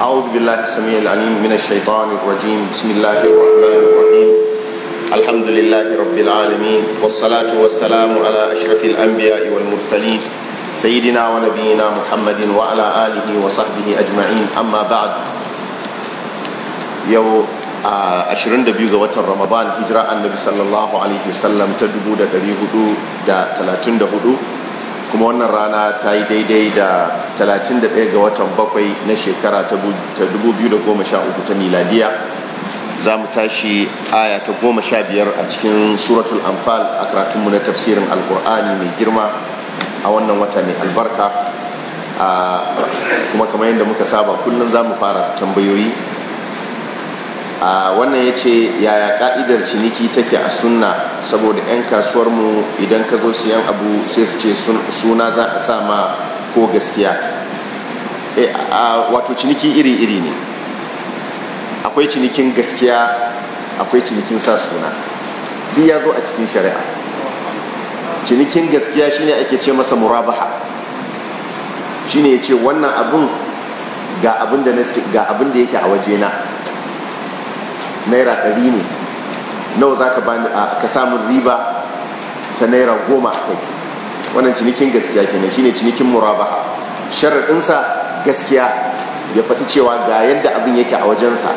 أعوذ بالله السميع العليم من الشيطان الرجيم بسم الله الرحمن الرحيم الحمد لله رب العالمين والصلاة والسلام على أشرف الأنبياء والمرسلين سيدنا ونبينا محمد وعلى آله وصحبه أجمعين أما بعد يو 22 ga watan Ramadan hijira annabi sallallahu alaihi wasallam ta 1434 kuma wannan rana ta yi daidai da 31 ga watan bakwai na shekara ta 2013 ta miladiya za mu tashi aya ta goma sha biyar a cikin suratul anfal a karatunmu na tafsirin alkur'ani mai girma a wannan wata mai albarka ah, kuma kamar yadda muka saba kullum za mu fara tambayoyi a wannan ya ce yaya ka'idar ciniki take a sunna saboda 'yan kasuwarmu idan ka zo siyan abu sai su ce suna za a sa ma ko gaskiya e, wato ciniki iri-iri ne akwai cinikin gaskiya akwai cinikin sa suna duk ya zo a cikin shari'a cinikin gaskiya shine ake ce masa murabaha shine ya ce wannan abun ga abin da yake a wajena naira ɗari ne nawa za ka bani a ka samun riba ta naira goma a kai wannan cinikin gaskiya kenan shine cinikin murabaha sharaɗinsa gaskiya ya faɗi cewa ga yadda abin yake a wajensa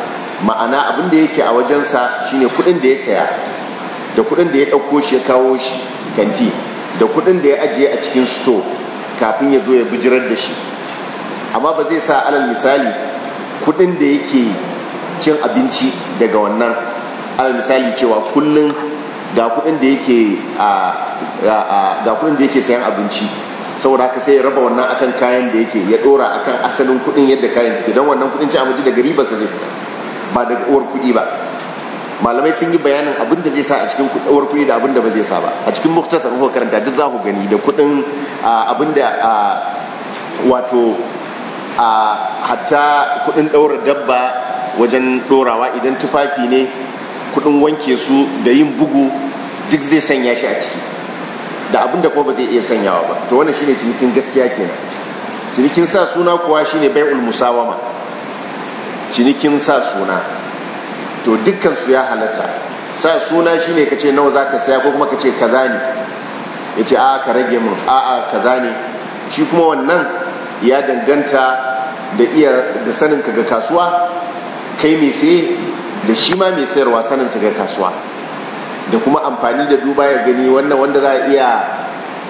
ma'ana abin da yake a wajensa shine kuɗin da ya saya da kuɗin da ya ɗauko shi ya kawo shi kanti da kuɗin da ya ajiye a cikin store kafin ya zo ya bijirar da shi amma ba zai sa alal misali kuɗin da yake cin abinci daga wannan al misali cewa kullum ga kudin da yake ga kudin da yake sayan abinci saboda ka sai ya raba wannan akan kayan da yake ya dora akan asalin kudin yadda kayan suke don wannan kudin cin abinci daga riba zai fita ba daga uwar kudi ba malamai sun yi bayanin abin da zai sa a cikin kudawar kuɗi da abin da ba zai sa ba a cikin muktasar ko karanta duk za ku gani da kudin abin da wato hatta kudin daura dabba wajen dorawa idan tufafi ne kudin wanke su da yin bugu duk zai sanya shi a ciki da abin da kuma ba zai iya sanyawa ba to wannan shine cinikin gaskiya kenan cinikin sa suna kuwa shine bai'ul musawama cinikin sa suna to dukkan su ya halatta sa suna shine kace nawa zaka saya ko kuma kace kaza ne yace a ka rage mun a a kaza ne shi kuma wannan ya danganta da iya da sanin ka ga kasuwa kai mai sai da shi ma mai sayarwa sanin su kasuwa da kuma amfani da duba ya gani wannan wanda za a iya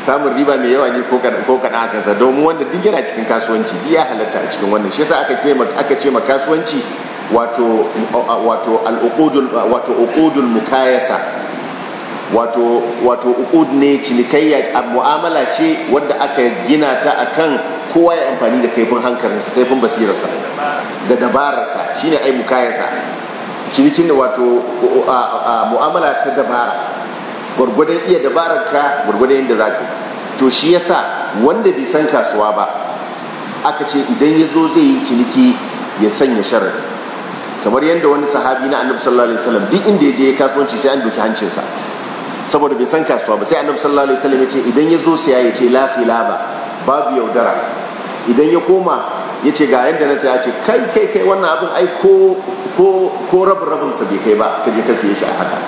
samun riba mai yawa ne ko kaɗan a kansa domin wanda duk yana cikin kasuwanci biya halatta a cikin wannan shi yasa aka ce ma kasuwanci wato al'uqudul wato uqudul mukayasa wato wato uqud ne cinikayya mu'amala ce wadda aka gina ta akan kowa ya amfani da kaifin hankalinsa kaifin basirarsa da dabararsa shine ai mukayasa cinikin wato mu'amala ta dabara gwargwadon iya dabarar ka gwargwadon yadda za ka to shi yasa wanda bai san kasuwa ba aka ce idan ya zo zai yi ciniki ya sanya sharadi kamar yadda wani sahabi na annabi sallallahu alaihi wasallam duk inda ya je kasuwanci sai an doki hancinsa saboda bai san kasuwa ba sai annabi sallallahu alaihi wasallam ya ce idan ya zo siya ya ce la khilaba babu yaudara idan ya koma ya ce ga yadda na siya ce kai kai kai wannan abin ai ko ko ko rabin rabin sa bai kai ba ka je ka siye shi a haka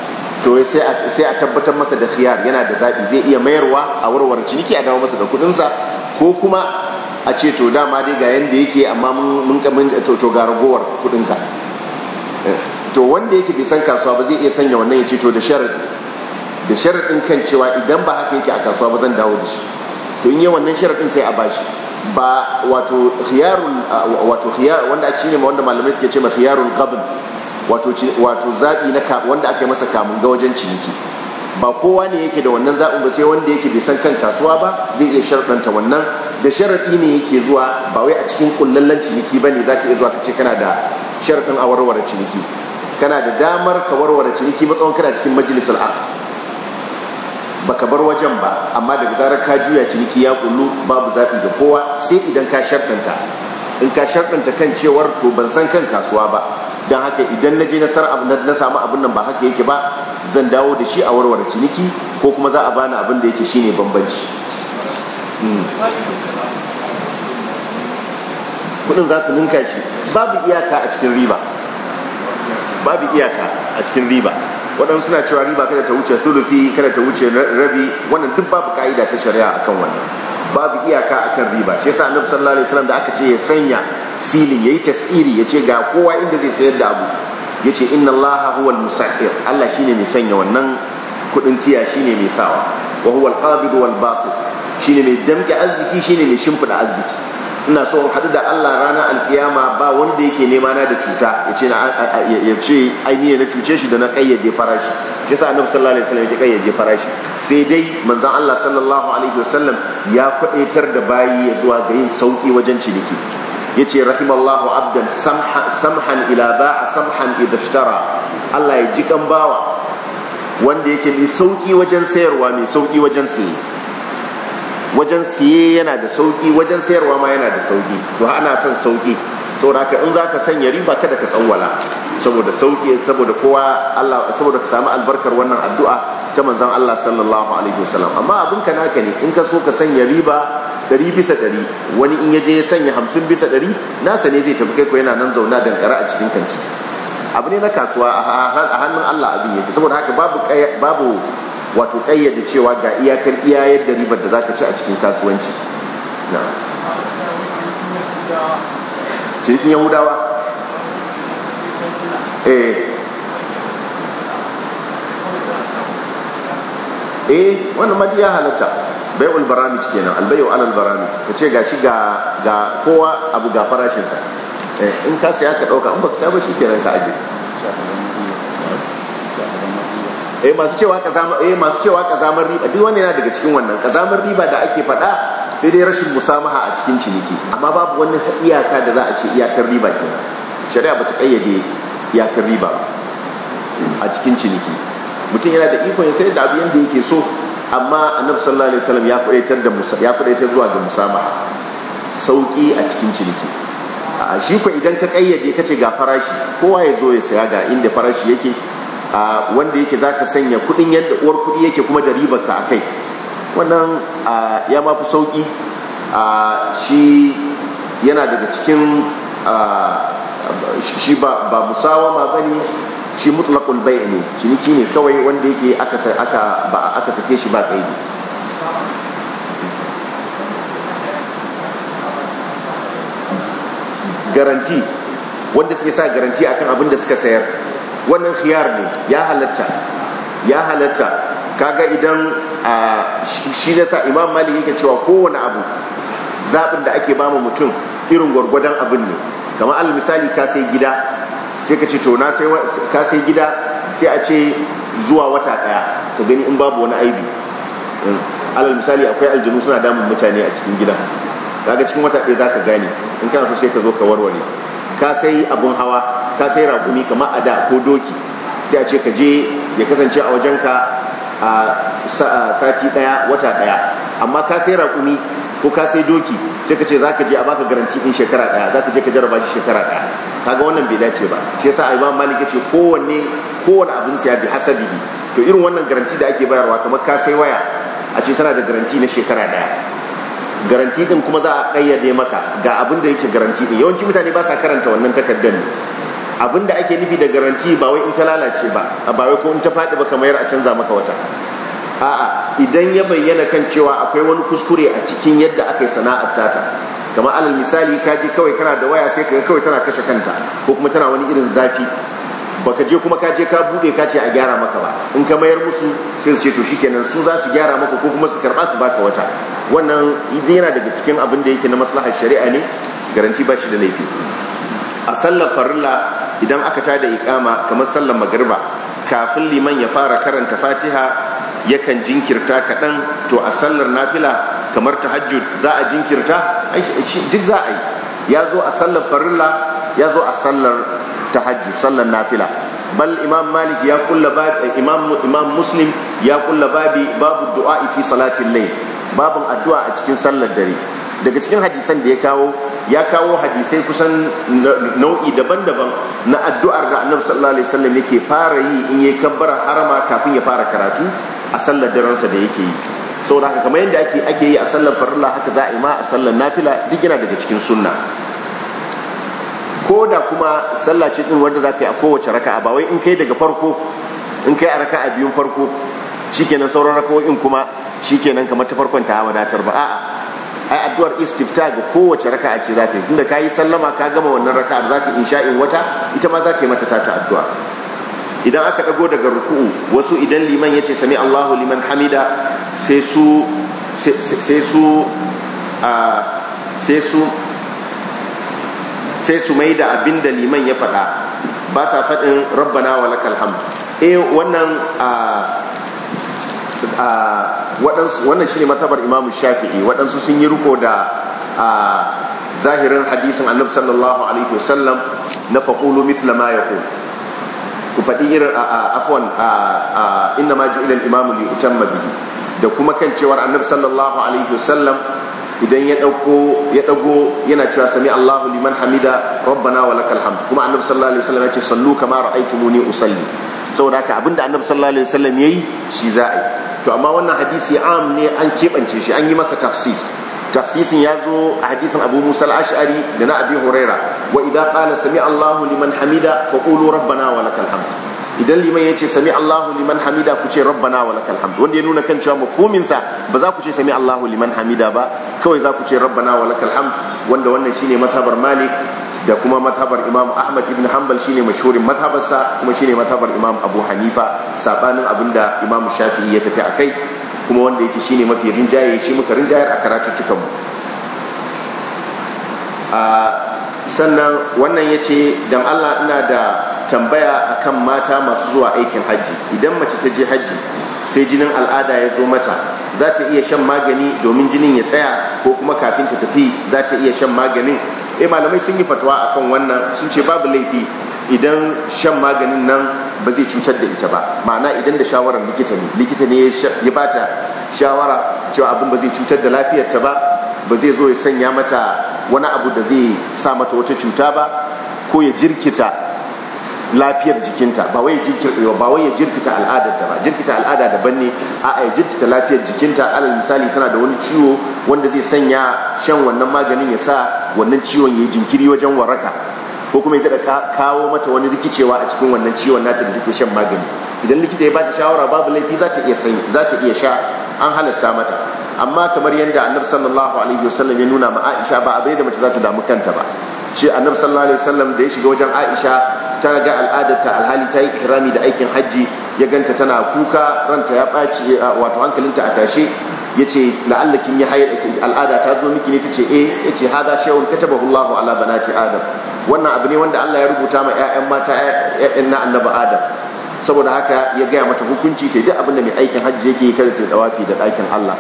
to sai a sai a tabbatar masa da khiyar yana da zabi zai iya mayarwa a warware ciniki a dawo masa da kudin sa ko kuma a ce to dama dai ga yanda yake amma mun mun to to ga ragowar kudin ka eh, to wanda yake bai san kasuwa ba zai iya sanya wannan ya ce to da sharadi da sharaɗin kan cewa idan ba haka yake a kasuwa ba zan dawo da shi to in yi wannan sharaɗin sai a bashi ba wato khiyarun wato khiyar wanda wanda malamai suke cewa khiyarun qabl wato wato zabi na wanda aka masa kamun ga wajen ciniki ba kowa ne yake da wannan zabin ba sai wanda yake bai san kan kasuwa ba zai iya sharɗanta wannan da sharaɗi ne yake zuwa ba wai a cikin kullallen ciniki ba ne za ka iya zuwa ka ce kana da sharaɗin a warware ciniki kana da damar ka warware ciniki matsawon kana cikin majalisar aqd baka bar wajen ba amma daga zarar ka juya ciniki ya kullu babu zafi da kowa sai idan ka sharɗanta in ka sharɗanta kan cewar to ban san kan kasuwa ba don haka idan na je na samu abin nan ba haka yake ba zan dawo da shi a warware ciniki ko kuma za a bani abin da yake shine bambanci hmm. kudin za su ninka shi babu iyaka a cikin riba babu iyaka a cikin riba waɗansu suna cewa riba kada ta wuce sulufi kada ta wuce rabi wannan duk babu ka'ida ta shari'a akan wannan babu iyaka akan riba shi yasa annabi sallallahu alaihi wasallam da aka ce ya sanya silin yayi tasiri yace ga kowa inda zai sayar da abu yace inna allaha huwal musahhir Allah shine mai sanya wannan kudin tiya shine mai sawa wa huwal qabid wal basit shine mai damke arziki shine mai shimfida arziki ina so haɗu da Allah rana alkiyama ba wanda yake nema na da cuta ya ce ya ce ainihin na cuce shi da na kayyade farashi shi sa annabi sallallahu alaihi wasallam ya kayyade farashi sai dai manzon Allah sallallahu alaihi wasallam ya kwadaitar da bayi ya zuwa ga yin sauki wajen ciniki ya ce rahimallahu abdan samhan ila ba'a samhan idashtara Allah ya ji kan bawa wanda yake mai sauki wajen sayarwa mai sauki wajen sayi wajen siye yana da sauki wajen sayarwa ma yana da sauki to ana son sauki saboda ka in zaka sanya riba kada ka tsawwala saboda sauki saboda kowa Allah saboda ka samu albarkar wannan addu'a ta manzon Allah sallallahu alaihi wasallam amma abin ka naka ne in ka so ka sanya riba 100 bisa 100 wani in yaje ya sanya 50 bisa 100 nasa ne zai tafi kai ko yana nan zauna dankara a cikin kanti abu ne na kasuwa a hannun Allah abin yake saboda haka babu babu wato kayyade cewa ga iyakar iya da ribar da za ka ci a cikin kasuwanci na cikin yahudawa eh eh wannan madi ya halatta bai ulbaramit kenan albayo alal ka ce ga shi ga kowa abu ga farashinsa eh, in ka saya ka ɗauka an ba ka ba shi kenan ka ajiye eh masu cewa kazamar eh masu cewa kazamar riba duk wanda yana daga cikin wannan kazamar riba da ake faɗa sai dai rashin musamaha a cikin ciniki amma babu wannan iyaka da za a ce iyakar riba ke shari'a bata kayyade iyakar riba a cikin ciniki mutum yana da ikon ya sayar da abu da yake so amma annabi sallallahu alaihi wasallam ya kudaitar da ya kudaitar zuwa ga musamaha sauki a cikin ciniki a shi ko idan ka kayyade ka ce ga farashi kowa ya zo ya saya ga inda farashi yake a wanda yake zaka sanya kudin yadda uwar kudi yake kuma da ribar ta kai wannan ya ma fi sauki shi yana daga cikin shi ba musawa ma gani shi mutlaqul bai' ne ciniki ne kawai wanda yake aka aka sake shi ba kai garanti wanda suke sa garanti akan abin da suka sayar wannan khiyar ne ya halatta ya halatta kaga idan shi da sa imam malik yake cewa kowane abu zaɓin da ake bamu mutum irin gwargwadon abin ne kamar al misali ka sai gida sai ka ce to na sai ka sai gida sai a ce zuwa wata ɗaya ka gani in babu wani aibi hmm. alal misali akwai aljanu suna damun mutane a cikin gida kaga cikin wata ɗaya zaka gane in kana so sai ka zo ka warware ka sai abun hawa ka sai rakumi kamar a da ko doki sai a ce ka je ya kasance a wajenka a sati daya wata daya amma ka sai rakumi ko ka sai doki sai ka ce za ka je a baka garanti din shekara daya za ka je ka jarraba shi shekara daya kaga wannan bai dace ba shi yasa imam malik ce kowanne kowane abin siya bi bibi to irin wannan garanti da ake bayarwa kamar ka sai waya a ce tana da garanti na shekara daya garanti din kuma za a kayyade maka ga abin da yake garanti din yawanci mutane ba sa karanta wannan takardar ne abin da ake nufi da garanti ba wai in ta lalace ba ba wai ko in ta faɗi ba kamar a canza maka wata a'a idan ya bayyana kan cewa akwai wani kuskure a cikin yadda aka yi sana'ar tata kamar alal misali ka kawai kana da waya sai kaga kawai tana kashe kanta ko kuma tana wani irin zafi baka je kuma ka je ka bude ka ce a gyara maka ba in ka mayar musu sai su ce to shikenan su za su gyara maka ko kuma su karba su baka wata wannan idan yana daga cikin abin da yake na maslahar shari'a ne garanti ba shi da laifi a sallar farilla idan aka tada ikama kamar sallar magriba kafin liman ya fara karanta fatiha yakan jinkirta kaɗan to a sallar nafila kamar tahajjud za a jinkirta duk za a yi ya zo a sallar farilla ya zo a sallar tahajjud sallar nafila bal imam malik ya kulla eh, imam imam muslim ya kulla babi babu du'a fi salatin layl babun addu'a a cikin sallar dare daga cikin hadisan da ya kawo ya kawo hadisai kusan nau'i daban-daban na addu'ar da annabi sallallahu alaihi wasallam yake fara yi in yayi kabbara harama kafin ya fara karatu a sallar daren sa da yake yi saboda haka kamar yadda ake ake yi a sallar farilla haka za a yi ma a sallar nafila duk yana daga cikin sunna ko da kuma sallah ce din wanda za ka yi a kowace raka'a ba wai in kai daga farko in kai a raka'a biyun farko shikenan sauran raka'o'in kuma shikenan kamar ta farkon ta wadatar ba a'a ai addu'ar istifta ga kowace raka'a ce za ka yi tunda ka yi sallama ka gama wannan da za ka insha'in wata ita ma za ka yi mata ta addu'a idan aka dago daga ruku'u wasu idan liman yace sami Allahu liman hamida sai su sai su sai su sai su mai da abin liman ya faɗa ba sa faɗin rabbana wa lakal hamd eh wannan a waɗansu wannan shine matabar Imam Shafi'i waɗansu sun yi ruko da a zahirin hadisin Annabi sallallahu alaihi wasallam na faqulu mithla ma yaqul ku faɗi irin afwan inna ma ju'ila al-imamu li utamma bihi da kuma kan cewar annabi sallallahu alaihi wasallam idan ya dauko ya dago yana cewa sami Allahu liman hamida rabbana wa lakal hamd kuma annabi sallallahu alaihi wasallam ya ce sallu kama ra'aytumuni usalli saboda haka abinda annabi sallallahu alaihi wasallam yayi shi za yi to amma wannan hadisi am ne an kebance shi an yi masa tafsis tafsisin ya zo a hadisin abu musa al-ash'ari da na abi huraira wa idan qala sami allahu liman hamida idan liman yace sami allahu liman hamida ku ce rabbana wa lakal hamd wanda ya nuna kan cewa mafhumin sa ba za ku ce sami allahu liman hamida ba kawai za ku ce rabbana wa lakal hamd wanda wannan shine matabar malik da kuma matabar imam ahmad ibn hanbal shine mashhurin matabarsa kuma shine matabar imam abu hanifa sabanin abinda imam shafi'i ya tafi akai kuma wanda yake shine mafi rinjaye shi muka rinjayar a karatu a sannan wannan ya ce don allah ina da tambaya akan mata masu zuwa aikin hajji idan mace ta je hajji sai jinin al'ada ya zo mata za ta iya shan magani domin jinin ya tsaya ko kuma kafin ta tafi za ta iya shan maganin eh malamai sun yi fatwa kan wannan sun ce babu laifi idan shan maganin nan ba zai cutar da ita ba ma'ana idan da shawarar likita ne likita ne ya ba ta shawara cewa abin ba zai cutar da lafiyarta ba ba zai zo ya sanya mata wani abu da zai sa mata wata cuta ba ko ya jirkita lafiyar jikinta ba wai ba wai jirkita al'adar ta ba jirkita al'ada daban ne a ya jirkita lafiyar jikinta alal misali tana da wani ciwo wanda zai sanya shan wannan maganin ya sa wannan ciwon ya jinkiri wajen waraka ko kuma ya daɗa kawo mata wani rikicewa a cikin wannan ciwon nata da take shan magani idan likita ya bata shawara babu laifi za ta iya sanya za ta iya sha an halatta mata amma kamar yadda annabi sallallahu alaihi wasallam ya nuna ma Aisha ba abai da mace za ta damu kanta ba shi annabi sallallahu alaihi wasallam da ya shiga wajen Aisha ta ga ta alhali ta yi ihrami da aikin haji ya ganta tana kuka ranta ya baci wato hankalinta a tashe yace la'allakin ya hayya al'ada ta zo miki ne tace eh yace hada shay'un katabahu Allahu ala banati adam wannan abu ne wanda Allah ya rubuta ma ƴaƴan mata ƴaƴan na annabi adam saboda haka ya gaya mata hukunci ta duk abin da mai aikin hajji yake yi kada ta dawafi da ɗakin Allah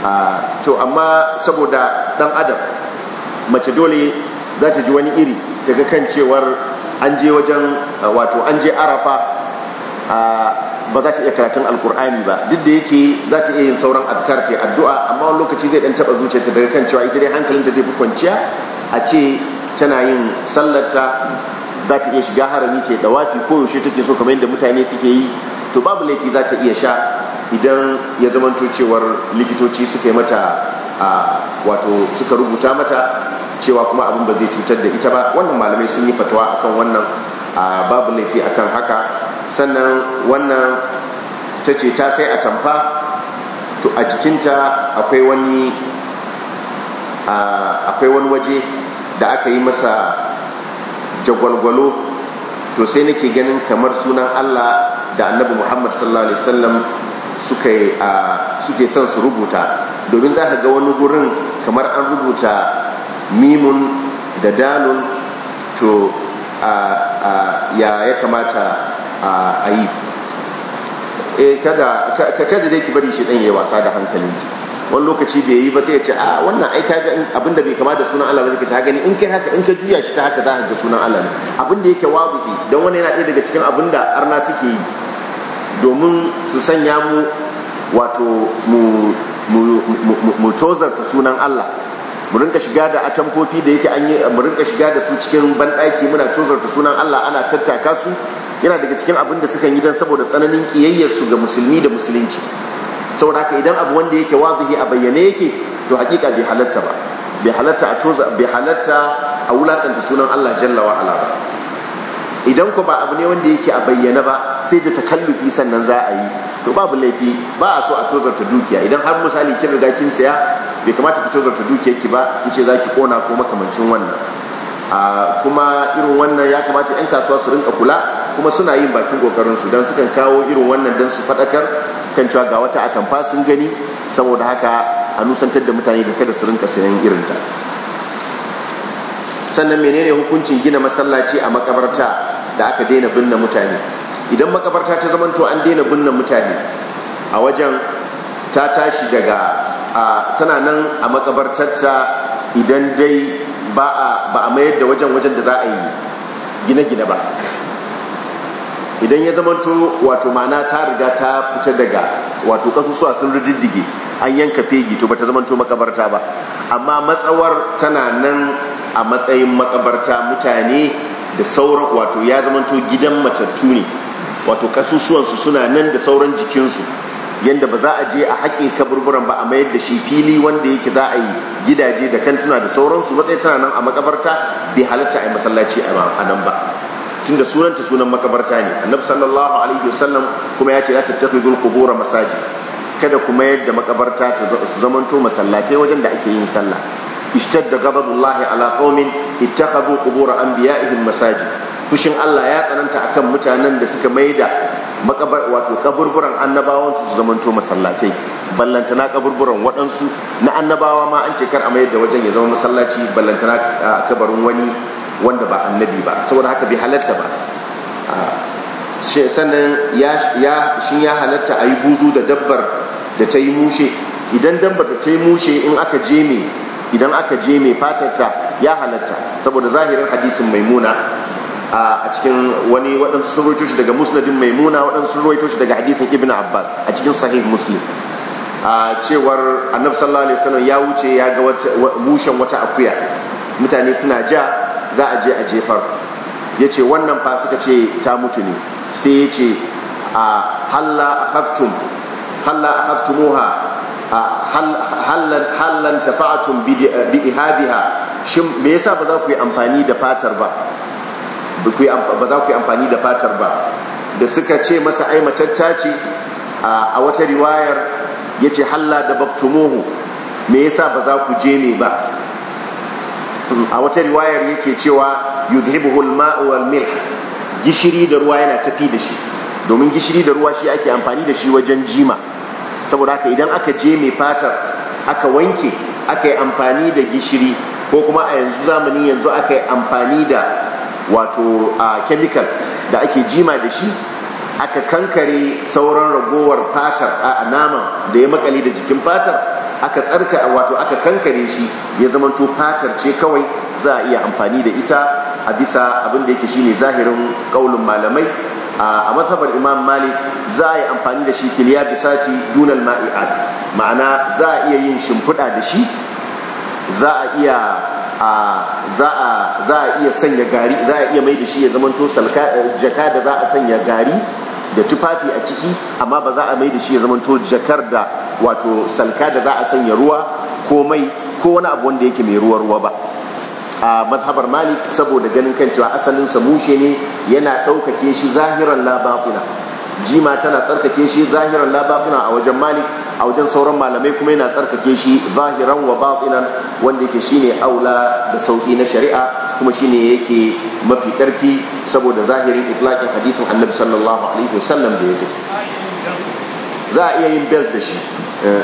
ah, to amma saboda dan adam mace dole za ta ji wani iri daga kan cewar an je wajen wato an je arafa ba za ta iya karatun alkur'ani ba duk da yake za ta iya yin sauran adkar ta addu'a amma wani lokaci zai dan taba zuciyarta daga kan cewa ita dai hankalin hankalinta zai fi kwanciya a ce tana yin sallarta za ta iya shiga harami ce da wafi ko yaushe take so kamar yadda mutane suke yi to babu laifi za ta iya sha idan ya zamanto cewar likitoci suka yi mata wato suka rubuta mata cewa kuma abin ba zai cutar da ita ba wannan malamai sun yi fatawa akan wannan babu laifi akan haka sannan wannan ta ce ta sai a tamfa to a jikinta akwai wani akwai wani waje da aka yi masa jagwalgwalo to sai nake ganin kamar sunan Allah da annabi Muhammad sallallahu alaihi wasallam suke son su rubuta domin za ka ga wani gurin kamar an rubuta mimun da dalun to ya ya kamata a yi Eh kada kada dai ki bari shi dan yayi wasa da hankalinki wani lokaci bai yi ba sai ya ce a ah, wannan ai kaga abinda bai kama da sunan Allah ba kace gani in kai haka in ka juya shi ta haka za ka ga sunan Allah ne abinda yake wabi dan wani yana ɗaya daga cikin abinda arna suke yi domin su sanya mu wato mu mu mu tozarta sunan Allah mu shiga da kofi da yake an yi mu shiga da su cikin banɗaki muna ta sunan Allah ana tattaka su yana daga cikin abin da suka yi don saboda tsananin kiyayyar su ga musulmi da musulunci saboda haka idan abu wanda yake wazihi a bayyane yake to hakika bai halatta ba bai halatta a toza bai halatta a wulakanta sunan Allah jalla wa ala ba idan ku ba abu ne wanda yake a bayyana ba sai da takallufi sannan za a yi to babu laifi ba a so a tozarta dukiya idan har misali kin riga kin saya bai kamata ki tozarta dukiyar ki ba ce za ki kona ko makamancin wannan a kuma irin wannan ya kamata yan kasuwa su rinka kula kuma suna yin bakin kokarin su dan sukan kawo irin wannan dan su fadakar kan cewa ga wata atamfa sun gani saboda haka a nusantar da mutane da kada su rinka sayan irin ta sannan menene hukuncin gina masallaci a makabarta da aka daina binne mutane idan makabarta ta zamanto an daina binne mutane a wajen ta tashi daga tana nan a makabartarta idan dai ba a mayar da wajen wajen da za a yi gine-gine ba idan ya zamanto wato ma'ana ta riga ta fita daga wato kasusuwa sun rididdige an yanka fegi to ba bata zamanto makabarta ba amma matsawar tana nan a matsayin makabarta mutane da sauran wato ya zamanto gidan matattu ne wato kasusuwansu suna nan da sauran jikinsu yadda ba za a je a haƙe kaburburan ba a mayar da shi fili wanda yake za a yi gidaje da kantuna da sauransu matsayi tana nan a makabarta bai halatta a yi masallaci a nan ba tunda sunanta sunan makabarta ne annabi sallallahu alaihi wasallam kuma ya ce la tattakhidul qubur masajid kada kuma yadda makabarta ta zamanto masallatai wajen da ake yin sallah da ghadabullahi ala qaumin ittakhadhu qubur anbiya'ihim masaji. Kushin Allah ya tsananta akan mutanen da suka maida makabar wato kaburburan annabawan su zamanto masallatai ballantana kaburburan waɗansu na annabawa ma an ce kar a mayar da wajen ya zama masallaci ballantana kabarin wani wanda ba annabi ba saboda haka bai halatta ba sannan ya shi ya halatta a yi buzu da dabbar da ta yi mushe idan dabbar da ta yi mushe in aka jeme idan aka jeme fatarta ya halatta saboda zahirin hadisin maimuna a cikin wani waɗansu sun roito shi daga musnadin maimuna waɗansu sun roito shi daga hadisin ibn abbas a cikin sahih muslim a cewar annabi sallallahu alaihi wasallam ya wuce ya ga mushen wata akuya mutane suna ja za a je a jefar ya ce wannan fa suka ce ta mutu ne sai ya ce a halla a halla haftumuha hallan tafa'atun bi ihabiha shin me yasa ba za ku yi amfani da fatar ba ba za ku yi amfani da fatar ba da suka ce masa ai ce a wata riwayar ya ce halla da baktumuhu me yasa ba za ku je ne ba a wata riwayar yake cewa yudhibuhu al-ma'u wal milh gishiri da ruwa yana tafi da shi domin gishiri da ruwa shi ake amfani da shi wajen jima saboda haka idan aka je mai fatar aka wanke aka yi amfani da gishiri ko kuma a yanzu zamani yanzu aka yi amfani da wato a chemical da ake jima da shi aka kankare sauran ragowar fatar a naman da ya maƙale da jikin fatar aka tsarka wato aka kankare shi ya zamanto fatar ce kawai za a iya amfani da ita a bisa abin da yake shine zahirin kaulin malamai a mazhabar imam malik za a yi amfani da shi filiya bisati dunal ma'i'at ma'ana za a iya yin shimfiɗa da shi za a iya za a iya sanya gari za a iya mai da shi ya salka jaka da za a sanya gari da tufafi a ciki amma ba za a mai da shi ya zamanto jakar da wato salka da za a sanya ruwa ko mai ko wani abu wanda yake mai ruwa ruwa ba a madhabar malik saboda ganin kan cewa asalin sa mushe ne yana ɗaukake shi zahiran labakuna jima tana tsarkake shi zahiran lababuna a wajen malik a wajen sauran malamai kuma yana tsarkake shi zahiran wa batinan wanda yake shine aula da sauki na shari'a kuma shine yake mafi karfi saboda zahirin itlaqin hadisin annabi sallallahu alaihi wasallam da yake za a iya yin belt da shi eh,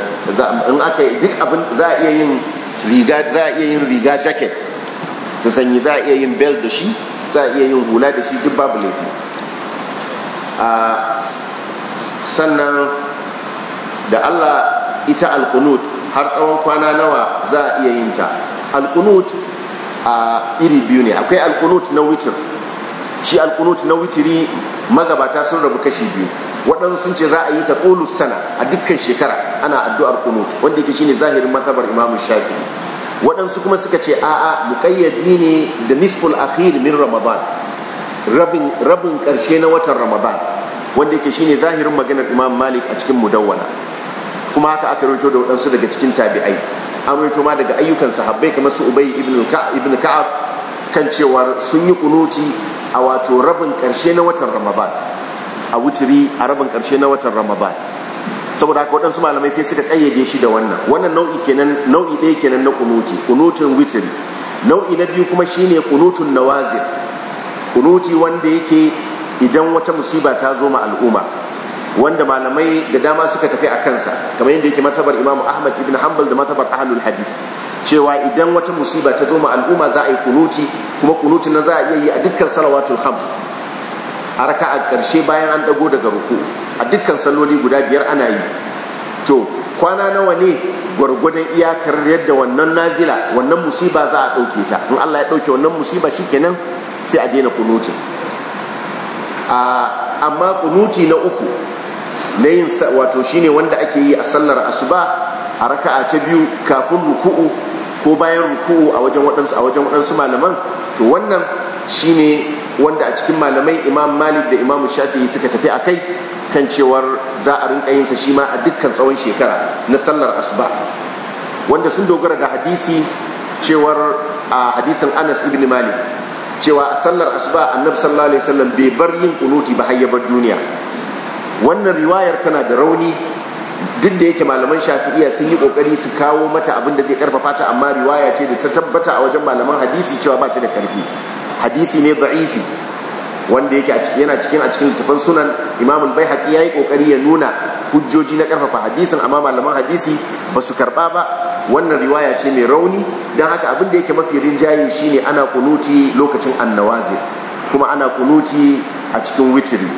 in aka duk abin za a iya yin riga za a iya yin riga jacket ta sanyi za a iya yin belt da shi za a iya yin hula da shi duk babu laifi a sannan da Allah ita alkunut har tsawon kwana nawa za a iya yin ta alkunut a iri biyu ne akwai alkunut na witir shi alkunut na witiri magabata sun rabu kashi biyu waɗansu sun ce za a yi ta ƙolus sana a dukkan shekara ana addu'ar kunut wanda yake shine zahirin matsabar imamu shafi waɗansu kuma suka ce a'a muƙayyadi ne da nisful akhir min ramadan rabin rabin karshe na watan ramadan wanda yake shine zahirin maganar imam malik a cikin mudawwala kuma haka aka rawaito da waɗansu daga cikin tabi'ai an rawaito ma daga ayyukan sahabbai kamar su ubay ibn ka'ab kan cewa sun yi kunuti a wato rabin karshe na watan ramadan a wuturi a rabin karshe na watan ramadan saboda haka waɗansu malamai sai suka ƙayyade shi da wannan wannan nau'i kenan nau'i ɗaya kenan na kunuti kunutun witiri nau'i na biyu kuma shine kunutun nawazir kunuti wanda yake idan wata musiba ta zo ma al'umma wanda malamai da dama suka tafi a kansa kamar yadda yake masabar Imam ahmad ibn hanbal da masabar ahlul hadith cewa idan wata musiba ta zo ma al'umma za a yi kunuti kuma kunuti na za a iya yi a dukkan salawatul khams a raka a ƙarshe bayan an dago daga ruku a dukkan salloli guda biyar ana yi to kwana nawa ne gwargwadon iyakar yadda wannan nazila wannan musiba za a ɗauke ta in Allah ya ɗauke wannan musiba shikenan sai a daina kunutin amma kunuti na uku na yin wato shine wanda ake yi a sallar asuba a raka'a ta biyu kafin ruku'u ko bayan ruku'u a wajen waɗansu malaman to wannan shine wanda a cikin malamai imam malik da imam shafi'i suka tafi a kai kan cewar za a rinka yinsa shi ma a dukkan tsawon shekara na sallar asuba wanda sun dogara da hadisi cewar a hadisin anas ibn malik cewa a sallar asuba annabi sallallahu alaihi wasallam bai bar yin kunuti ba bar duniya wannan riwayar tana da rauni duk da yake malaman shafi'iyya sun yi kokari su kawo mata abin da zai karfafa ta amma riwaya ce da ta tabbata a wajen malaman hadisi cewa ba ta da karfi hadisi ne da'ifi wanda yake yana cikin a cikin littafin sunan imam bai baihaqi ya yi ƙoƙari ya nuna hujjoji na karfafa hadisin amma malaman hadisi ba su karɓa ba wannan riwaya ce mai rauni don haka abin da yake mafi rinjaye shine ana kunuti lokacin annawazi kuma ana kunuti a cikin witiri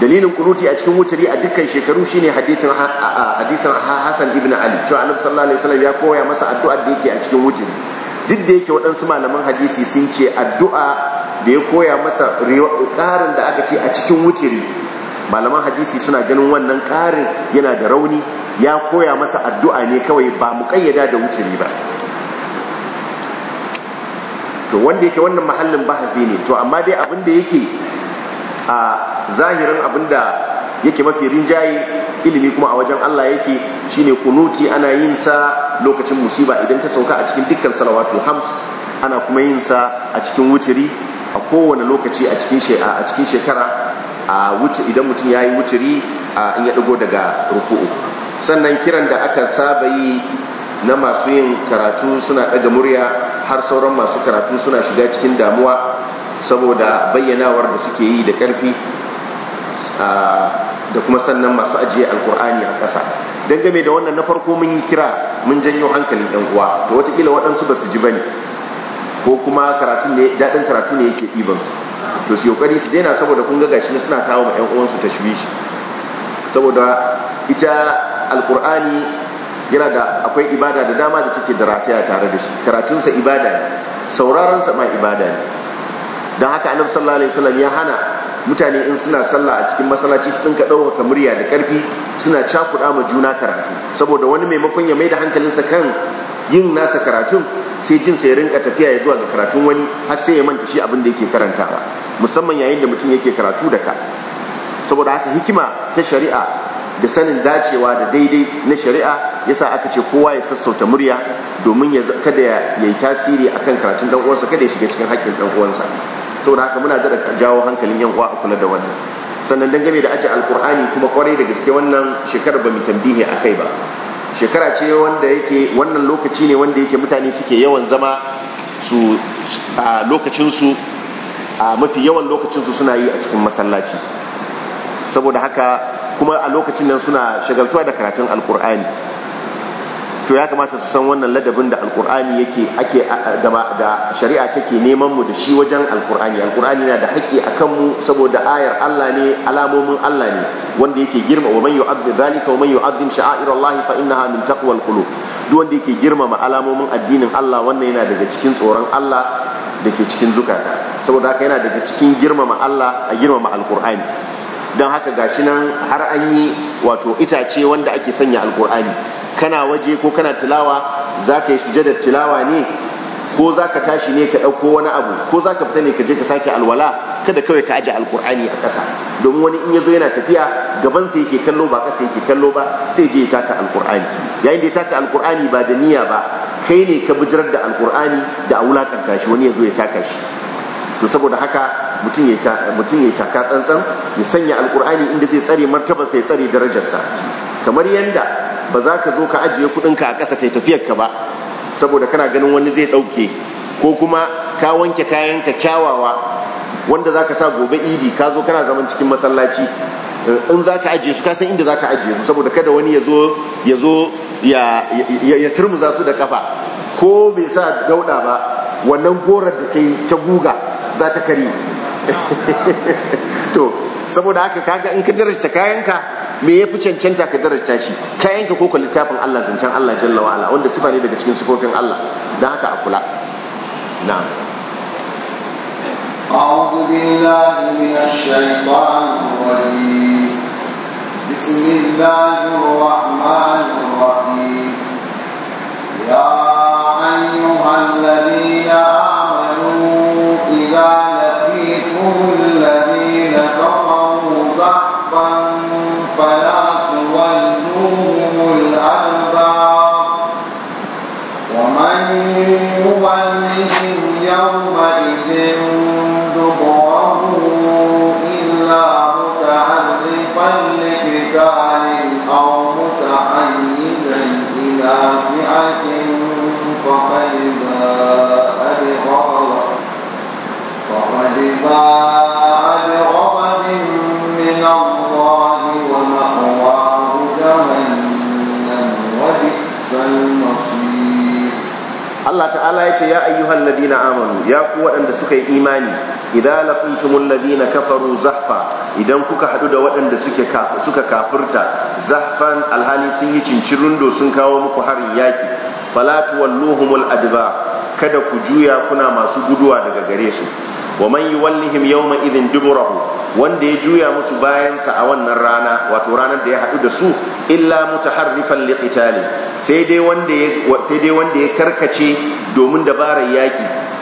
dalilin kunuti a cikin witiri a dukkan shekaru shine hadisin hadisin Hassan ibn Ali cewa Annabi sallallahu alaihi wasallam ya koya masa addu'ar da yake a cikin witiri duk da yake waɗansu malaman hadisi sun ce addu'a da ya koya masa ƙarin da aka ce a cikin wutiri malaman hadisi suna ganin wannan ƙarin yana da rauni ya koya masa addu'a ne kawai ba mu ƙayyada da wutiri ba to wanda yake wannan mahallin bahafi ne to amma dai abin da yake a zahirin abin da yake mafi rinjaye ilimi kuma a wajen Allah yake shine kunuti ana yin sa lokacin musiba idan ta sauka a cikin dukkan salawatu hams ana kuma yin sa a cikin wuturi a kowane lokaci a cikin shekara a wuce idan mutum ya yi wuturi a in ya dago daga ruku'u sannan kiran da aka saba yi na masu yin karatu suna daga murya har sauran masu karatu suna shiga cikin damuwa saboda bayyanawar da suke yi da ƙarfi da kuma sannan masu ajiye alkur'ani a ƙasa game da wannan na farko mun yi kira mun janyo hankalin ɗan uwa to watakila waɗansu ba su ji bane ko kuma daɗin karatu ne yake ɗiban su to su yi su daina saboda kun ga gashi suna kawo ma 'yan uwansu shi. saboda ita alkur'ani yana da akwai ibada da dama da take da rataya tare da shi karatunsa ibada ne sa ma ibada ne don haka annabi sallallahu alaihi wasallam ya hana mutane in suna sallah a cikin masalaci sun ka ɗaukaka murya da ƙarfi suna cakuɗa ma juna karatu saboda wani maimakon ya mai da hankalinsa kan yin nasa karatun sai jin sai rinka tafiya ya zuwa ga karatun wani har sai ya manta shi abin da yake karantawa musamman yayin da mutum yake karatu da ka saboda haka hikima ta shari'a da sanin dacewa da daidai na shari'a yasa aka ce kowa ya sassauta murya domin kada ya yi tasiri akan karatun dan uwansa kada ya shiga cikin haƙƙin dan uwansa saboda haka muna da jawo hankalin yan uwa a kula da wannan sannan dangane da al alkur'ani kuma kwarai da gaske wannan shekarar ba mu tambihi akai ba shekara ce wanda yake wannan lokaci ne wanda yake mutane suke yawan zama su a lokacinsu a mafi yawan lokacinsu suna yi a cikin masallaci saboda haka kuma a lokacin nan suna shagaltuwa da karatun alkur'ani to ya kamata su san wannan ladabin da alkur'ani yake ake da shari'a take neman mu da shi wajen alkur'ani alkur'ani na da haƙƙi a kanmu saboda ayar Allah ne alamomin Allah ne wanda yake girma wa man yu'addi zalika wa man sha'air sha'airallahi fa innaha min taqwal qulub duk wanda yake girmama alamomin addinin Allah wannan yana daga cikin tsoron Allah da ke cikin zukata saboda haka yana daga cikin girmama Allah a girmama alkur'ani don haka gashi nan har an yi wato itace wanda ake sanya alkur'ani kana waje ko kana tilawa za ka yi sujadar tilawa ne ko za ka tashi ne ka ɗauko wani abu ko za ka fita ne ka je ka sake alwala kada kawai ka aje alkur'ani a ƙasa domin wani in ya zo yana tafiya gaban sai yake kallo ba ƙasa yake kallo ba sai je ya taka alkur'ani yayin da ya taka alkur'ani ba da niyya ba kai ne ka bijirar da alkur'ani da a wulakanta shi wani ya zo ya taka shi to saboda haka mutum ya taka tsantsan ya sanya alkur'ani inda zai tsare martabarsa ya tsare darajarsa kamar yadda ba za ka zo ka ajiye kudinka a ƙasa kai tafiyarka ba saboda kana ganin wani zai ɗauke ko kuma ka wanke kayanka kyawawa wanda za ka sa gobe idi ka zo kana zaman cikin masallaci in za ka ajiye su ka san inda za ka ajiye su saboda kada wani ya zo ya turmuza su da kafa ko bai sa dauɗa ba wannan gorar da kai ta guga za ta kare to saboda haka kaga in ka daraja kayanka me ya fi cancanta ka daraja shi kayanka ko ka littafin Allah zancen Allah jalla wa ala wanda sifa ne daga cikin sifofin Allah dan haka a kula na'am أعوذ بالله من الشيطان الرجيم بسم الله الرحمن الرحيم يا أيها الذين آمنوا الذين كفروا زحفا فلا تولوهم الأدبار ومن يولهم يومئذ دبره إلا متعرفا لقتال أو متحيزا إلى فئة فقد Allah ta'ala ya ce ya ayyuhan ladina amanu ya ku waɗanda suka yi imani idza laqitumul ladina kafaru zahfa idan kuka haɗu da waɗanda suka kafurta, zahfan alhali sun yi cincirundo sun kawo muku harin yaki fala tuwalluhumul adba kada ku juya kuna masu guduwa daga gare su wa man yuwallihim yawma idhin duburahu wanda ya juya musu bayansa a wannan rana wato ranar da ya haɗu da su illa mutaharrifan liqitali sai dai wanda sai dai wanda ya karkace domin dabarar yaƙi.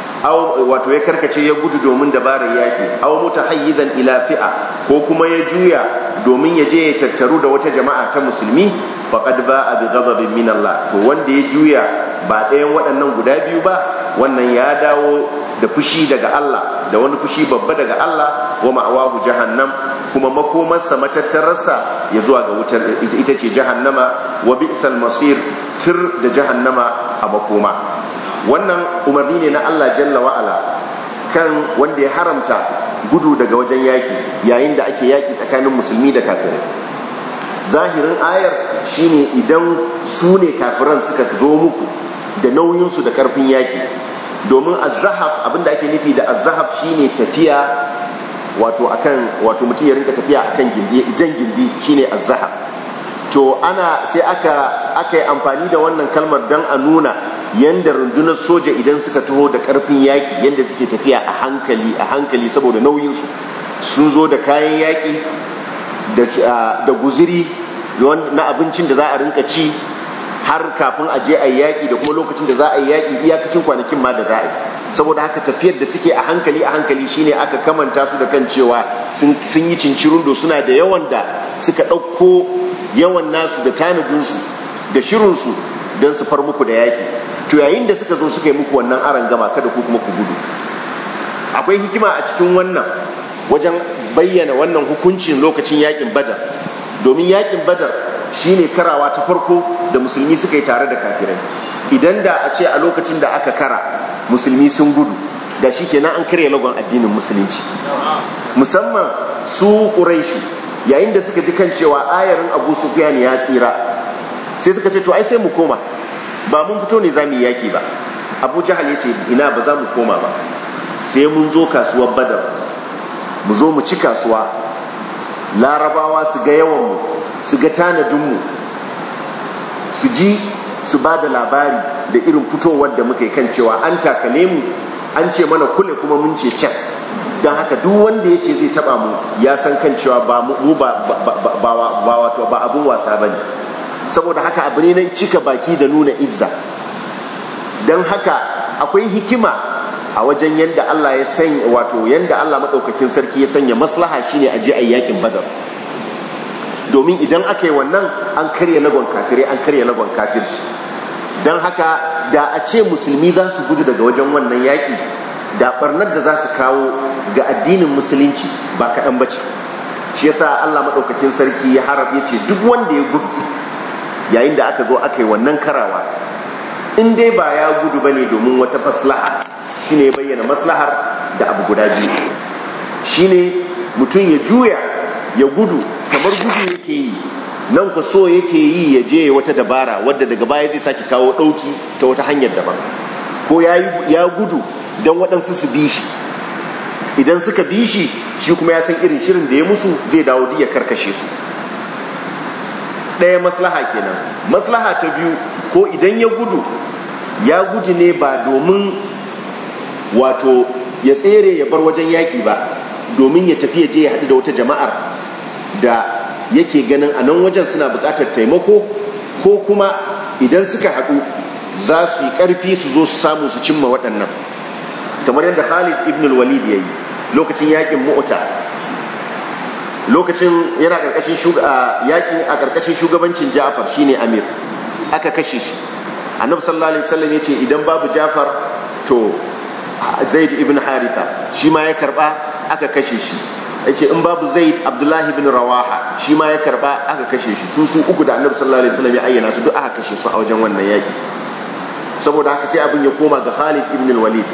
wato ya karkace ya gudu domin dabarar yaki aw mutahayyizan ila fi'a ko kuma ya juya domin ya je ya tattaru da wata jama'a ta musulmi faqad ba'a bi ghadabin min Allah to wanda ya juya ba ɗayan waɗannan guda biyu ba wannan ya dawo da fushi daga Allah da wani fushi babba daga Allah wa ma'awahu jahannam kuma makomarsa matattararsa ya zuwa ga wutar ita ce jahannama wa bi'sal masir tir da jahannama a makoma wannan umarni ne na Allah jalla wa'ala kan wanda ya haramta gudu daga wajen yaki yayin da ake yaki tsakanin musulmi da kafirai zahirin ayar shine idan su ne kafiran suka zo muku da nauyinsu da karfin yaki domin azahab abinda ake nufi da azahab shine tafiya wato akan wato mutum ya rinka tafiya akan gindi jan gindi shine azahab to ana sai aka aka yi amfani da wannan kalmar don a nuna yadda rundunar soja idan suka taho da karfin yaƙi yadda suke tafiya a hankali a hankali saboda nauyinsu sun zo da kayan yaƙi da ah, guziri na abincin da za a rinka ci har kafin a je a yi yaƙi da kuma lokacin da za a yi yaƙi iyakacin kwanakin ma da za a yi saboda haka tafiyar da suke a hankali a hankali shine aka kamanta su da kan cewa sun yi da suna da yawan da suka ɗauko yawan nasu da tanadinsu da shirinsu don su far muku da yaƙi to yayin da suka zo suka yi muku wannan aron gama kada ku kuma ku gudu akwai hikima a cikin wannan wajen bayyana wannan hukuncin lokacin yaƙin badar domin yakin badar shine karawa ta farko da musulmi suka yi tare da kafirai idan da a ce a lokacin da aka kara musulmi sun gudu da shi kenan an karya lagon addinin musulunci musamman su ƙuraishi yayin da suka ji kan cewa ayarin abu ne ya tsira sai suka ce to ai sai mu koma ba mun fito ne za mu yi yaƙi ba abu jahal ya ce ina ba za mu koma ba sai mun zo kasuwar badar mu zo mu ci kasuwa larabawa su ga yawanmu su ga tanadinmu su ji su ba da labari da irin fitowar da muka yi kan cewa an takane mu an ce mana kule kuma mun ce chess don haka duk wanda ya ce zai taba mu ya san kan cewa ba mu ba wato ba abin wasa ba ne saboda haka abu ne na cika baki da nuna izza don haka akwai hikima a wajen yadda Allah ya sanya wato yadda Allah maɗaukakin sarki ya sanya maslaha shine a je a yakin badar domin idan aka yi wannan an karya lagon kafirai an karya lagon kafirci don haka da a ce musulmi za su gudu daga wajen wannan yaƙi da ɓarnar da za su kawo ga addinin musulunci ba kaɗan ba ce shi yasa Allah maɗaukakin sarki ya harab ya ce duk wanda ya gudu yayin da aka zo aka yi wannan karawa in dai ba ya gudu ba ne domin wata maslaha shine ya bayyana maslahar da abu guda biyu ne mutum ya juya ya gudu kamar gudu yake yi nan ku so yake yi ya je wata dabara wadda daga baya zai sake kawo ɗauki ta wata hanyar daban ko ya gudu don waɗansu su bi shi idan suka bi shi shi kuma ya san irin shirin da ya musu zai dawo ya karkashe su ɗaya maslaha kenan maslaha ta biyu ko idan ya gudu ya gudu ne ba domin wato ya tsere ya bar wajen yaƙi ba domin ya tafi ya je ya haɗu da wata jama'ar da yake ganin a nan wajen suna buƙatar taimako ko kuma idan suka haɗu za su yi ƙarfi su zo su samu su cimma waɗannan kamar yadda Khalid ibn al ya yi lokacin yaƙin mu'uta lokacin yana ƙarƙashin yaƙin a ƙarƙashin shugabancin Ja'far shine Amir aka kashe shi annabi sallallahu alaihi wasallam yace idan babu Ja'far to zaid ibn haritha shi ma ya karba aka kashe shi yace in babu zaid abdullahi ibn rawaha shi ma ya karba aka kashe shi su su uku da annabi sallallahu alaihi wasallam ya ayyana su duk aka kashe su a wajen wannan yaki saboda haka sai abin ya koma ga Khalid ibn walid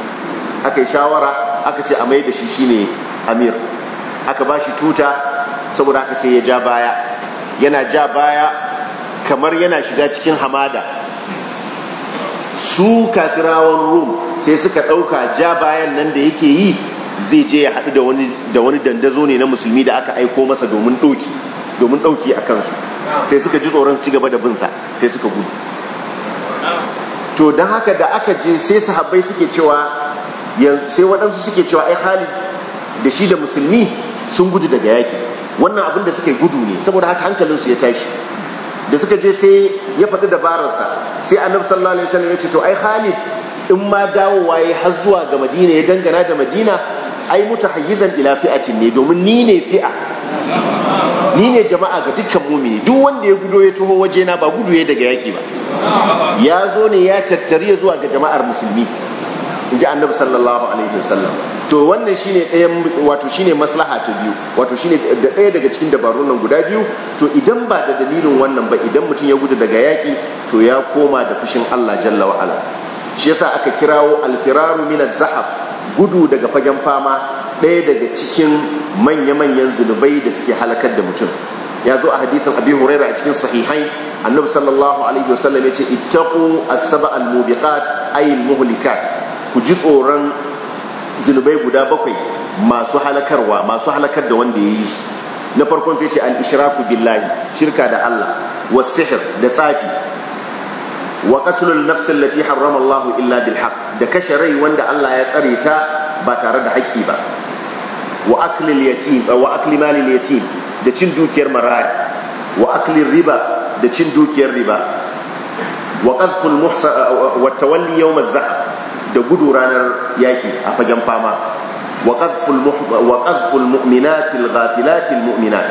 aka yi shawara aka ce a mai da shi shine amir aka ba shi tuta saboda haka sai ya ja baya yana ja baya kamar yana shiga cikin hamada su kafirawan rum sai suka ɗauka ja bayan nan da yake yi zai je ya haɗu da wani dandazo ne na musulmi da aka aiko masa domin ɗauki domin ɗauki a kansu sai suka ji tsoron su gaba da binsa sai suka gudu to don haka da aka je sai sahabbai suke cewa sai waɗansu suke cewa ai hali da shi da musulmi sun gudu daga yaki, wannan abin da suke gudu ne saboda haka hankalinsu ya tashi da suka je sai ya faɗi dabararsa sai annabi sallallahu alaihi wasallam ya ce to ai Khalid in ma dawo waye har zuwa ga Madina ya dangana da Madina ai mutahayyizan ila fi'atin ne domin ni ne fi'a ni ne jama'a ga dukkan mumini duk wanda ya gudo ya taho waje na ba gudu ya daga yaki ba ya zo ne ya tattare zuwa ga jama'ar musulmi in ji annabi sallallahu alaihi wasallam to wannan shine ɗayan wato shine maslaha ta biyu wato shine da ɗaya daga cikin dabarun nan guda biyu to idan ba da dalilin wannan ba idan mutum ya gudu daga yaƙi to ya koma da fushin Allah jalla wa ala shi yasa aka kirawo alfiraru min zahab gudu daga fagen fama ɗaya daga cikin manya-manyan zunubai da suke halakar da mutum ya zo a hadisin abi huraira a cikin sahihai annabi sallallahu alaihi wasallam ya ce ittaqu as-sab'a al-mubiqat ay al-muhlikat ku ji tsoron zunubai guda bakwai masu halakarwa masu halakar da wanda ya yi su na farkon sai ce al-ishraku billahi shirka da Allah wa sihr da tsafi wa qatlul nafsin allati harrama illa bil haqq da kashe rai wanda Allah ya tsare ta ba tare da haƙƙi ba wa aklil yatim wa akli malil yatim da cin dukiyar maraya wa aklir riba da cin dukiyar riba wa qadful muhsa wa tawalli yawm az-zahab da gudu ranar yaki a fagen fama wa ƙazful mu'minatil ghafilatil mu'minat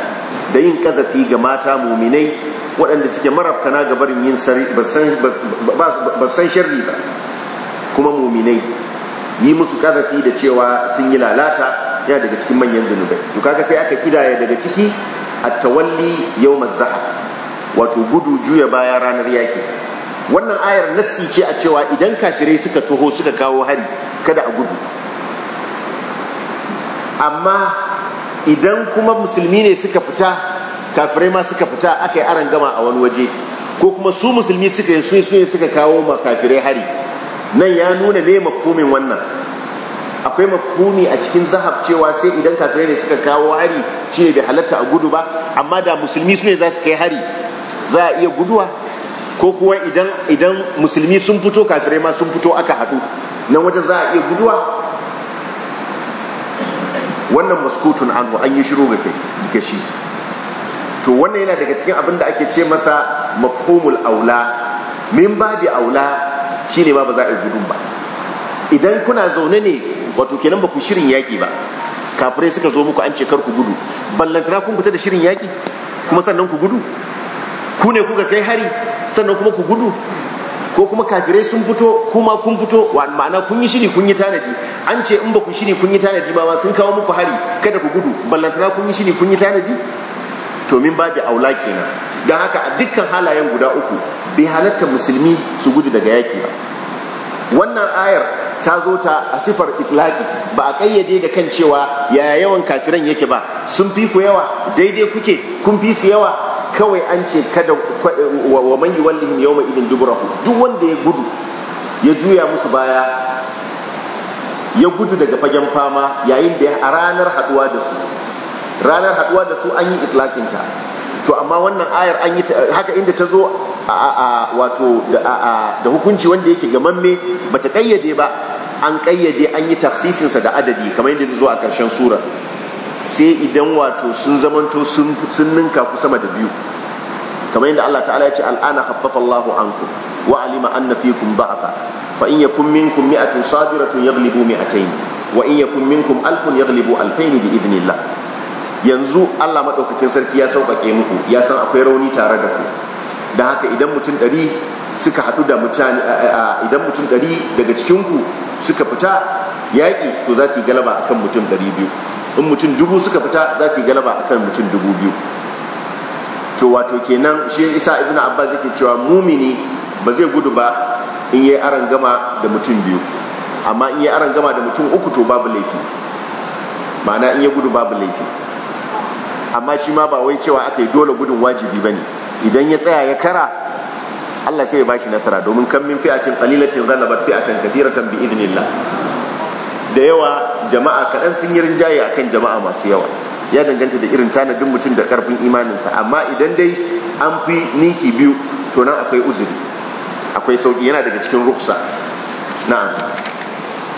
da yin ƙazafi ga mata muminai waɗanda suke marafkana ga barin yin ba san sharri ba kuma muminai yi musu ƙazafi da cewa sun yi lalata yana daga cikin manyan zunubai to kaga sai aka kidaya daga ciki a tawalli yau zahab wato gudu juya baya ranar yaki wannan ayar nassi ce a cewa idan kafirai suka toho suka kawo hari kada a gudu amma idan kuma musulmi ne suka fita kafirai ma suka fita aka yi aron gama a wani waje ko kuma su musulmi suka yi sun sun suka kawo ma kafirai hari nan ya nuna ne mafhumin wannan akwai mafhumi a cikin zahaf cewa sai idan kafirai ne suka kawo hari shine bai halatta a gudu ba amma da musulmi su ne za su kai hari za a iya guduwa ko kuwa idan idan musulmi sun fito kafirai ma sun fito aka haɗu na wajen za a iya guduwa wannan maskutun anhu an yi shiru ga to wannan yana daga cikin abin da ake ce masa mafhumul aula min babi aula shine ba ba za a yi gudun ba idan kuna zaune ne wato kenan ba ku shirin yaƙi ba kafirai suka zo muku an ce kar ku gudu ballantana kun fita da shirin yaki kuma sannan ku gudu ku ne kuka kai hari sannan kuma ku gudu ko kuma kafirai sun fito kuma kun fito wa ma'ana kun yi shiri kun yi tanadi an ce in ba ku shiri kun yi tanadi ba sun kawo muku hari kada ku gudu ballantana kun yi shiri kun yi tanadi to min babu aula kenan don haka a dukkan halayen guda uku bai halatta musulmi su gudu daga yaki ba wannan ayar ta zo ta a sifar itlaki ba a kayyade da kan cewa ya yawan kafiran yake ba sun fi ku yawa daidai kuke kun fi su yawa kawai an ce kada wa man yuwallihim yawma idin duburahu duk wanda ya gudu ya juya musu baya ya gudu daga fagen fama yayin da a ranar haduwa da su ranar haduwa da su an yi itlakinta to amma wannan ayar an yi haka inda ta zo wato da hukunci wanda yake ga ba bata kayyade ba an kayyade an yi taksisinsa da adadi kamar yadda zo a ƙarshen sura sai idan wato sun zamanto sun ninka ku sama da biyu kamar yadda Allah ta'ala ya ce al'ana haffafa Allahu ankum wa alima anna fikum ba'fa fa in yakum minkum mi'atun sabiratun yaghlibu mi'atayn wa in yakum minkum alfun yaghlibu alfayn bi idnillah yanzu Allah maɗaukakin sarki ya sauƙaƙe muku ya san akwai rauni tare da ku da haka idan mutum ɗari suka haɗu da mutane idan mutum ɗari daga cikinku suka fita yaƙi to za su yi galaba a kan mutum ɗari biyu in mutum dubu suka fita za su yi galaba a kan mutum dubu biyu to wato kenan shi isa ibn abbas yake cewa mumini ba zai gudu ba in yi aran gama da mutum biyu amma in yi aran gama da mutum uku to babu laifi ma'ana in ya gudu babu laifi amma shi ma ba wai cewa aka yi dole gudun wajibi ba ne idan ya tsaya ya kara Allah sai ya ba nasara domin kan min fi'atin qalilatin zalabat fi'atan kathiratan bi idnillah da yawa jama'a kaɗan sun yi rinjaye akan jama'a masu yawa ya danganta da irin tanadin mutum da ƙarfin imaninsa amma idan dai an fi niki biyu to nan akwai uzuri akwai sauƙi yana daga cikin ruksa na'am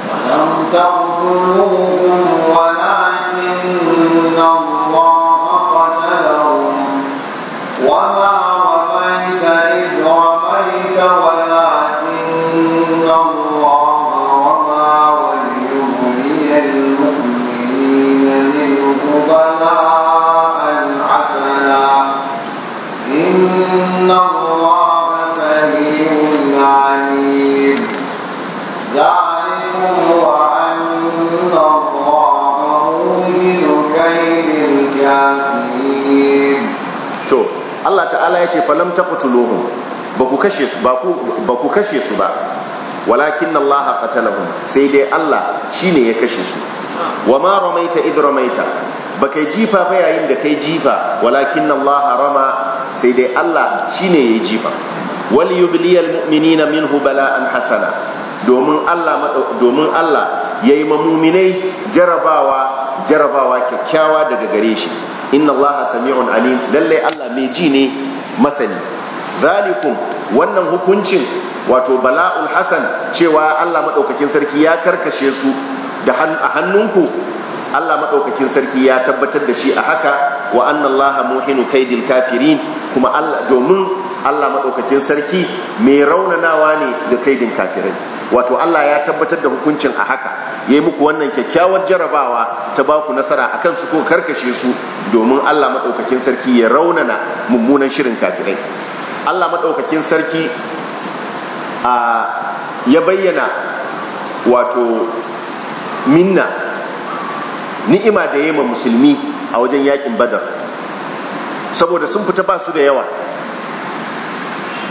ولم تقتلوهم ولكن الله Allah ta'ala ya ce falam taqtuluhum ba ku kashe su ba ku kashe su ba walakin Allah sai dai Allah ne ya kashe su wa ma ramaita id ramaita ba kai jifa ba yayin da kai jifa walakin Allah rama sai dai Allah shine ya jifa wal yubliyal mu'minina minhu bala'an hasana domin Allah ya yi yayi mamuminai jarabawa jarabawa kyakkyawa daga gare shi inna allaha sami'un alim lalle allah mai ji ne masani zalikum wannan hukuncin wato bala'ul hasan cewa allah madaukakin sarki ya karkashe su da hannunku Allah maɗaukakin sarki ya tabbatar da shi a haka wa annan muhinu kaidil kafirin kuma domin Allah maɗaukakin sarki mai raunanawa ne ga kaidin kafirai wato Allah ya tabbatar da hukuncin a haka ya yi muku wannan kyakkyawar jarabawa ta ba ku nasara a kansu ko karkashe su domin Allah maɗaukakin sarki ya raunana mummunan shirin kafirai Allah maɗaukakin sarki ya bayyana wato minna ni'ima da yi ma musulmi a wajen yakin badar saboda sun fita ba su da yawa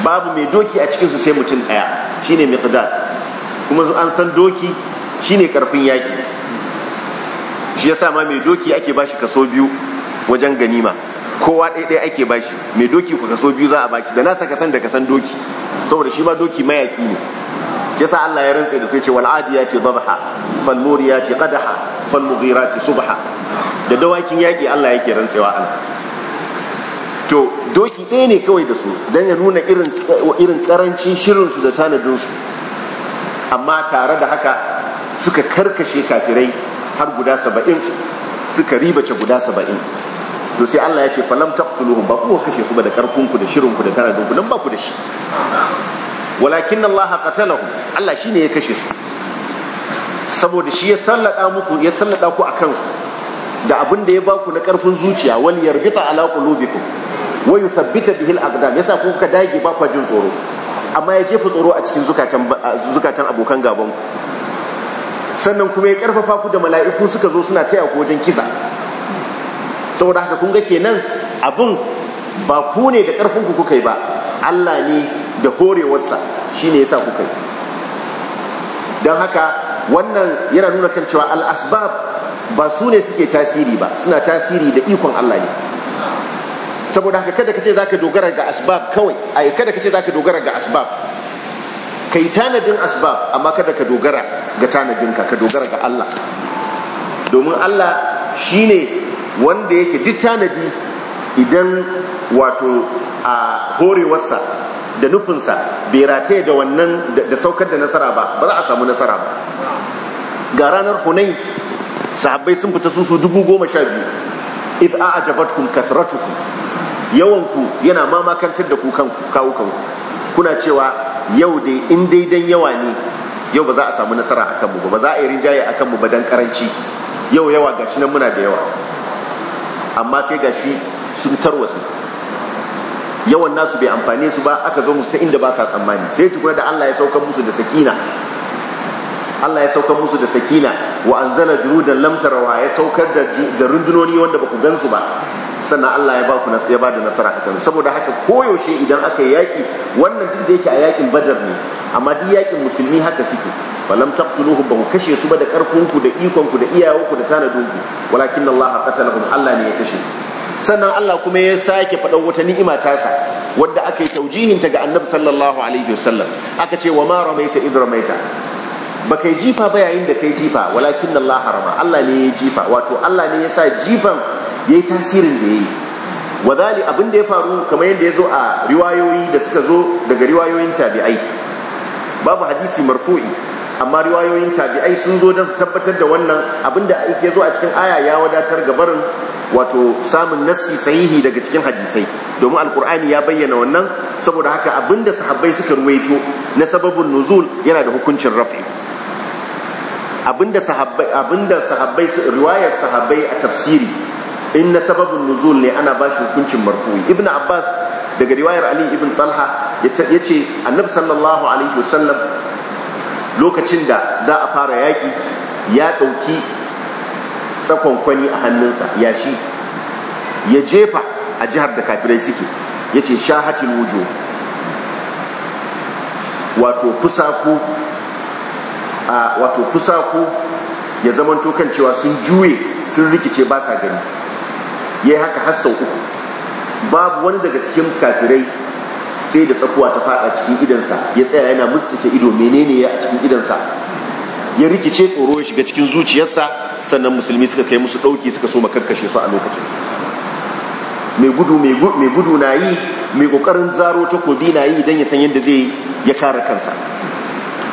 babu mai doki a cikin su sai mutum daya shine miqdad kuma an san doki shine karfin yaki shi yasa ma mai doki ake bashi kaso biyu wajen ganima kowa ɗaya ake bashi mai doki ku kaso biyu za a baki da nasa kasan da kasan doki saboda shi ma doki mayaki ne shi yasa Allah ya rantse da kai ce wal adiyati dhabha fal muriyati qadaha fal mughirati subha da dawakin yaki Allah yake rantsewa Allah to doki ɗaya ne kawai da su don ya nuna irin karancin shirinsu da tanadinsu amma tare da haka suka karkashe kafirai har guda saba'in suka ribace guda saba'in to sai Allah ya ce falam taqtuluhum ba ku kashe su ba da karfinku da shirinku da tanadinku nan ba ku da shi walakin Allah qatalahu Allah shine ya kashe su saboda shi ya sallada muku ya sallada ku akan su da abin da ya ba ku na karfin zuciya wal yarbita ala qulubikum wa yuthabbita bihi al aqdam yasa ku ka dage ba ku jin tsoro amma ya jefa tsoro a cikin zukatan zukatan abokan gaban ku sannan kuma ya karfafa ku da mala'iku suka zo suna taya ku wajen kisa saboda haka kun ga kenan abin ba ku ne da karfin ku kuka yi ba Allah ne da horewarsa shine yasa kuka yi don haka wannan yana nuna kan cewa al asbab ba su ne suke tasiri ba suna tasiri da ikon Allah ne saboda haka kada kace zaka dogara ga asbab kawai ai kada kace zaka dogara ga asbab kai tanadin asbab amma kada ka dogara ga tanadinka ka dogara ga Allah domin Allah shi ne wanda yake duk tanadi idan wato a horewarsa da nufinsa bai rataye da wannan da saukar da nasara ba ba za a samu nasara ba ga ranar hunain sahabbai sun fita su su dubu goma sha biyu kun a'jabatkum kathratukum yawanku yana mamakantar da ku kanku kawo kuna cewa yau dai in dai dan yawa ne yau ba za a samu nasara akan mu ba ba za a yi rinjaye akan mu ba dan karanci yau yawa gashi nan muna da yawa amma sai gashi sun su yawan nasu bai amfane su ba aka zo musu ta inda ba sa tsammani sai tukuna da Allah ya saukar musu da sakina Allah ya saukar musu da sakina wa anzala jurudan lam tarawa ya saukar da da rundunoni wanda baku gansu ba sannan Allah ya ba ku ya ba da nasara akan saboda haka koyaushe idan aka yi yaki wannan duk da yake a yakin badar ne amma duk yakin musulmi haka suke falam taqtuluhum ba ku kashe su ba da karfin ku da ikon ku da iyawo ku da tanadin ku walakin Allah qatalahum Allah ne ya kashe sannan Allah kuma ya sake faɗan wata ni'ima tasa wadda aka yi taujihinta ga annabi sallallahu alaihi wasallam aka ce wa ma ramaita id ramaita ba kai jifa ba yayin da kai jifa walakin Allah harama Allah ne ya jifa wato Allah ne ya sa jifan ya yi tasirin da ya yi. wadali abin da ya faru kamar yadda ya zo a riwayoyi da suka zo daga riwayoyin tabi'ai babu hadisi marfu'i amma riwayoyin tabi'ai sun zo don su tabbatar da wannan abin abinda ake zo a cikin aya ya wadatar ga wato samun nassi sahihi daga cikin hadisai domin alkur'ani ya bayyana wannan saboda haka abin da sahabbai suka ruwaito na sababin nuzul yana da hukuncin rafi abinda sahabbai abinda sahabbai riwayar sahabbai a tafsiri inna sababun nuzul ne ana bashi hukuncin marfu'i ibn abbas daga riwayar ali ibn talha yace annabi sallallahu alaihi wasallam lokacin da za a fara yaki ya dauki tsakon kwani a hannunsa yashi ya jefa a jihar da kafirai suke yace shahatil wujuh wato kusa ko. a wato kusa ko ya zamanto kan cewa sun juye sun rikice ba sa gani ya yi haka har sau uku babu wani daga cikin kafirai sai da tsakuwa ta fada cikin idansa ya tsaya yana musuke ido menene ya a cikin idansa ya rikice tsoro ya shiga cikin zuciyarsa sannan musulmi suka kai musu ɗauki suka so makarkashe su a lokacin mai gudu mai gudu na yi mai ƙoƙarin zaro takobi na yi idan ya san yadda zai ya kare kansa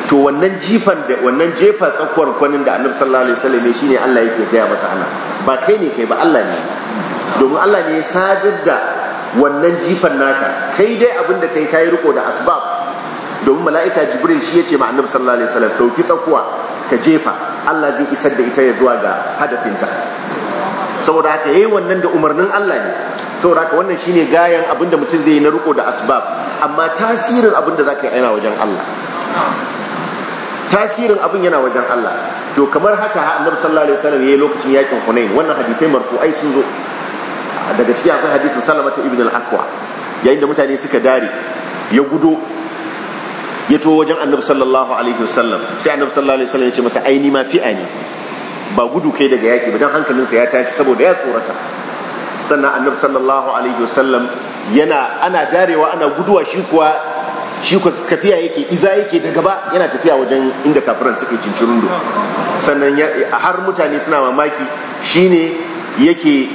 to wannan jifan da wannan jefa tsakuwar kwanin da annabi sallallahu alaihi wasallam shine Allah yake gaya masa ana ba kai ne kai ba Allah ne domin Allah ne ya sadar da wannan jifan naka kai dai abin da kai kai riko da asbab domin mala'ika jibril shi yace ma annabi sallallahu alaihi wasallam dauki tsakuwa ka jefa Allah zai isar da ita ya zuwa ga hadafinta saboda haka yayi wannan da umarnin Allah ne saboda haka wannan shine gayan abinda mutum zai yi na riko da asbab amma tasirin abinda zaka yi aina wajen Allah tasirin abin yana wajen Allah to kamar haka annabi sallallahu alaihi wasallam yayi lokacin yakin Hunain wannan hadisai ai sun zo daga cikin akwai hadisin Salama ta ibn al-Aqwa yayin da mutane suka dare ya gudo ya to wajen annabi sallallahu alaihi wasallam sai annabi sallallahu alaihi wasallam ya ce masa aini ma fi'a ne ba gudu kai daga yaki ba dan hankalinsa ya tashi saboda ya tsorata sannan annabi sallallahu alaihi wasallam yana ana darewa ana guduwa shi kuwa shi ku tafiya yake iza yake da gaba yana tafiya wajen inda kafiran suke cincirin do sannan har mutane suna mamaki shine yake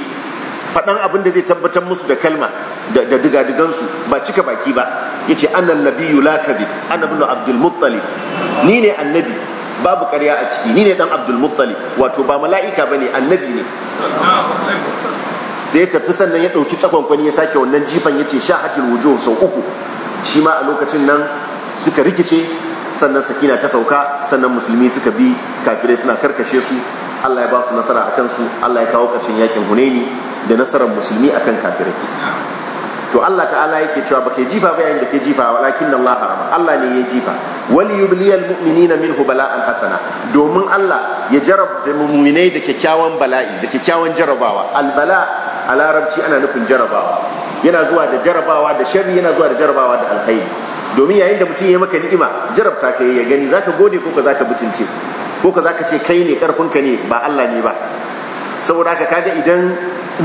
faɗan abin da zai tabbatar musu da kalma da su ba cika baki ba ya ce annan nabiyu la kadhib annabin abdulmuttali ni ne annabi babu ƙarya a ciki ni ne ɗan abdulmuttali wato ba mala'ika ba ne annabi ne sai ya tafi sannan ya ɗauki tsakonkwani ya sake wannan jifan ya ce sha hatil wujo sau uku shi ma a lokacin nan suka rikice sannan sakina ta sauka sannan musulmi suka bi kafirai suna karkashe su Allah ya ba su nasara akan su Allah ya kawo ƙarshen yakin Hunaini da nasarar musulmi akan kafirai to Allah ta'ala yake cewa baka jifa ba yayin da ke jifa walakin Allah harama Allah ne ya jifa wali yubliyal mu'minina minhu bala'an hasana domin Allah ya da mu'minai da kyakkyawan bala'i da kyakkyawan jarabawa albala a larabci ana nufin jarabawa yana zuwa da jarabawa da shar'i yana zuwa da jarabawa da alkhairi domin yayin da mutum ya maka ni'ima jarabta ka ya gani za ka gode ko ka ka mutunce ko ka ka ce kai ne karfin ne ba Allah ne ba saboda haka kaga idan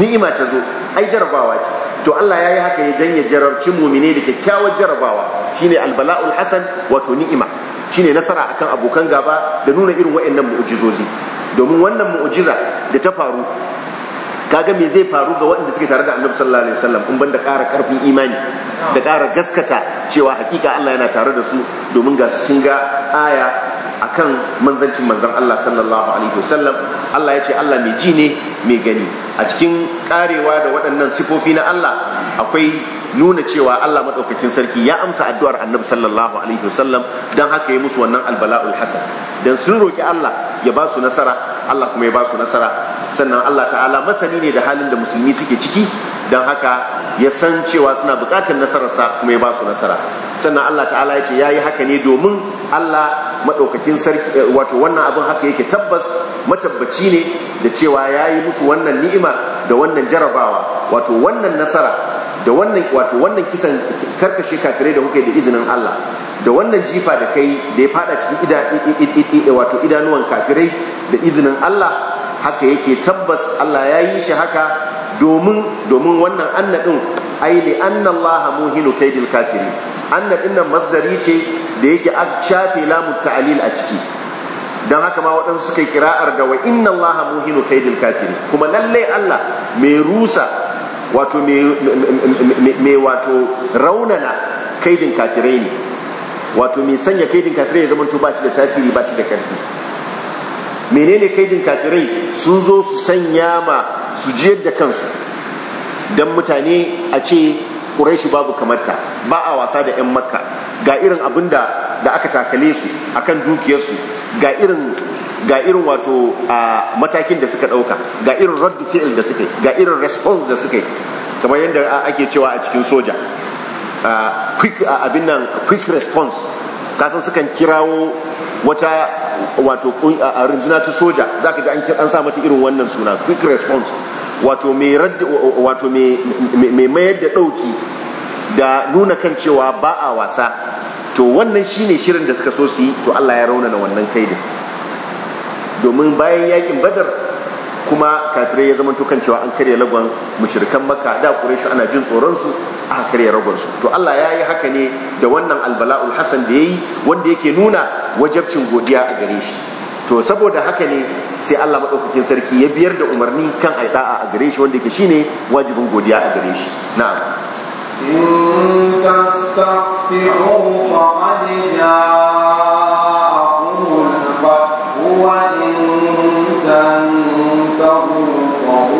ni'ima ta zo ai jarabawa ce to Allah ya yi haka ya dan ya jarabci mu'mine da kyakkyawar jarabawa shine albala'ul hasan wato ni'ima shine nasara akan abokan gaba da nuna irin wa'annan mu'jizozi domin wannan mu'jiza da ta faru kaga me zai faru ga waɗanda suke tare da annabi sallallahu alaihi wasallam kun banda ƙara ƙarfin imani da ƙara gaskata cewa hakika Allah yana tare da su domin ga su sun ga aya akan manzancin manzon Allah sallallahu alaihi wasallam Allah ya ce Allah mai ji ne mai gani a cikin karewa da waɗannan sifofi na Allah akwai nuna cewa Allah madaukakin sarki ya amsa addu'ar annabi sallallahu alaihi wasallam dan haka ya musu wannan albala'ul hasan dan sun roki Allah ya ba su nasara Allah kuma ya ba su nasara sannan Allah ta'ala masani sani ne da halin da musulmi suke ciki don haka ya san cewa suna bukatar nasararsa kuma ya ba su nasara sannan Allah ta'ala ya ce ya yi haka ne domin Allah maɗaukakin sarki eh, wato wannan abin haka yake tabbas matabbaci ne da cewa ya yi musu wannan ni'ima da wannan jarabawa wato wannan nasara da wannan wato wannan kisan karkashe kafirai da kuka da izinin Allah da wannan jifa da kai da ya fada cikin idanuwan kafirai da izinin Allah haka yake tabbas Allah ya yi shi haka domin domin wannan annadin ai li anna Allah muhinu kaidil kafiri annadin nan masdari ce da yake a shafe a ciki don haka ma waɗansu suka kira'ar da wa inna Allah muhinu kaidil kafiri kuma lallai Allah mai rusa wato mai wato raunana kaidin kafirai ne wato mai sanya kaidin kafirai ya zama to ba shi da tasiri ba shi da karfi menene kaidin kafirai sun zo su sanya ma su jiyar da kansu don mutane a ce ƙuraishi babu kamarta ba a wasa da 'yan makka ga irin abin da aka takale su akan dukiyarsu ga irin ga irin wato a matakin da suka ɗauka ga irin raddu fi'il da suka ga irin response da suka kamar yadda ake cewa a cikin soja quick abin nan quick response kasan sukan kirawo wata wato a rinjina ta soja za ka ji an sa mata irin wannan suna quick response wato mai mayar da ɗauki da nuna kan cewa ba a wasa to wannan shine shirin da suka so su yi to Allah ya rauna na wannan kaidin domin bayan yakin badar kuma kafirai ya zama tukan cewa an karya lagon mushrikan makka da quraishu ana jin tsoron su aka karya ragon su to Allah ya yi haka ne da wannan albala'ul hasan da ya yi wanda yake nuna wajabcin godiya a gare shi to saboda haka ne sai Allah madaukakin sarki ya biyar da umarni kan aida'a a gare shi wanda yake ne wajibin godiya a gare shi na'am in tastaghfiru faqad jaa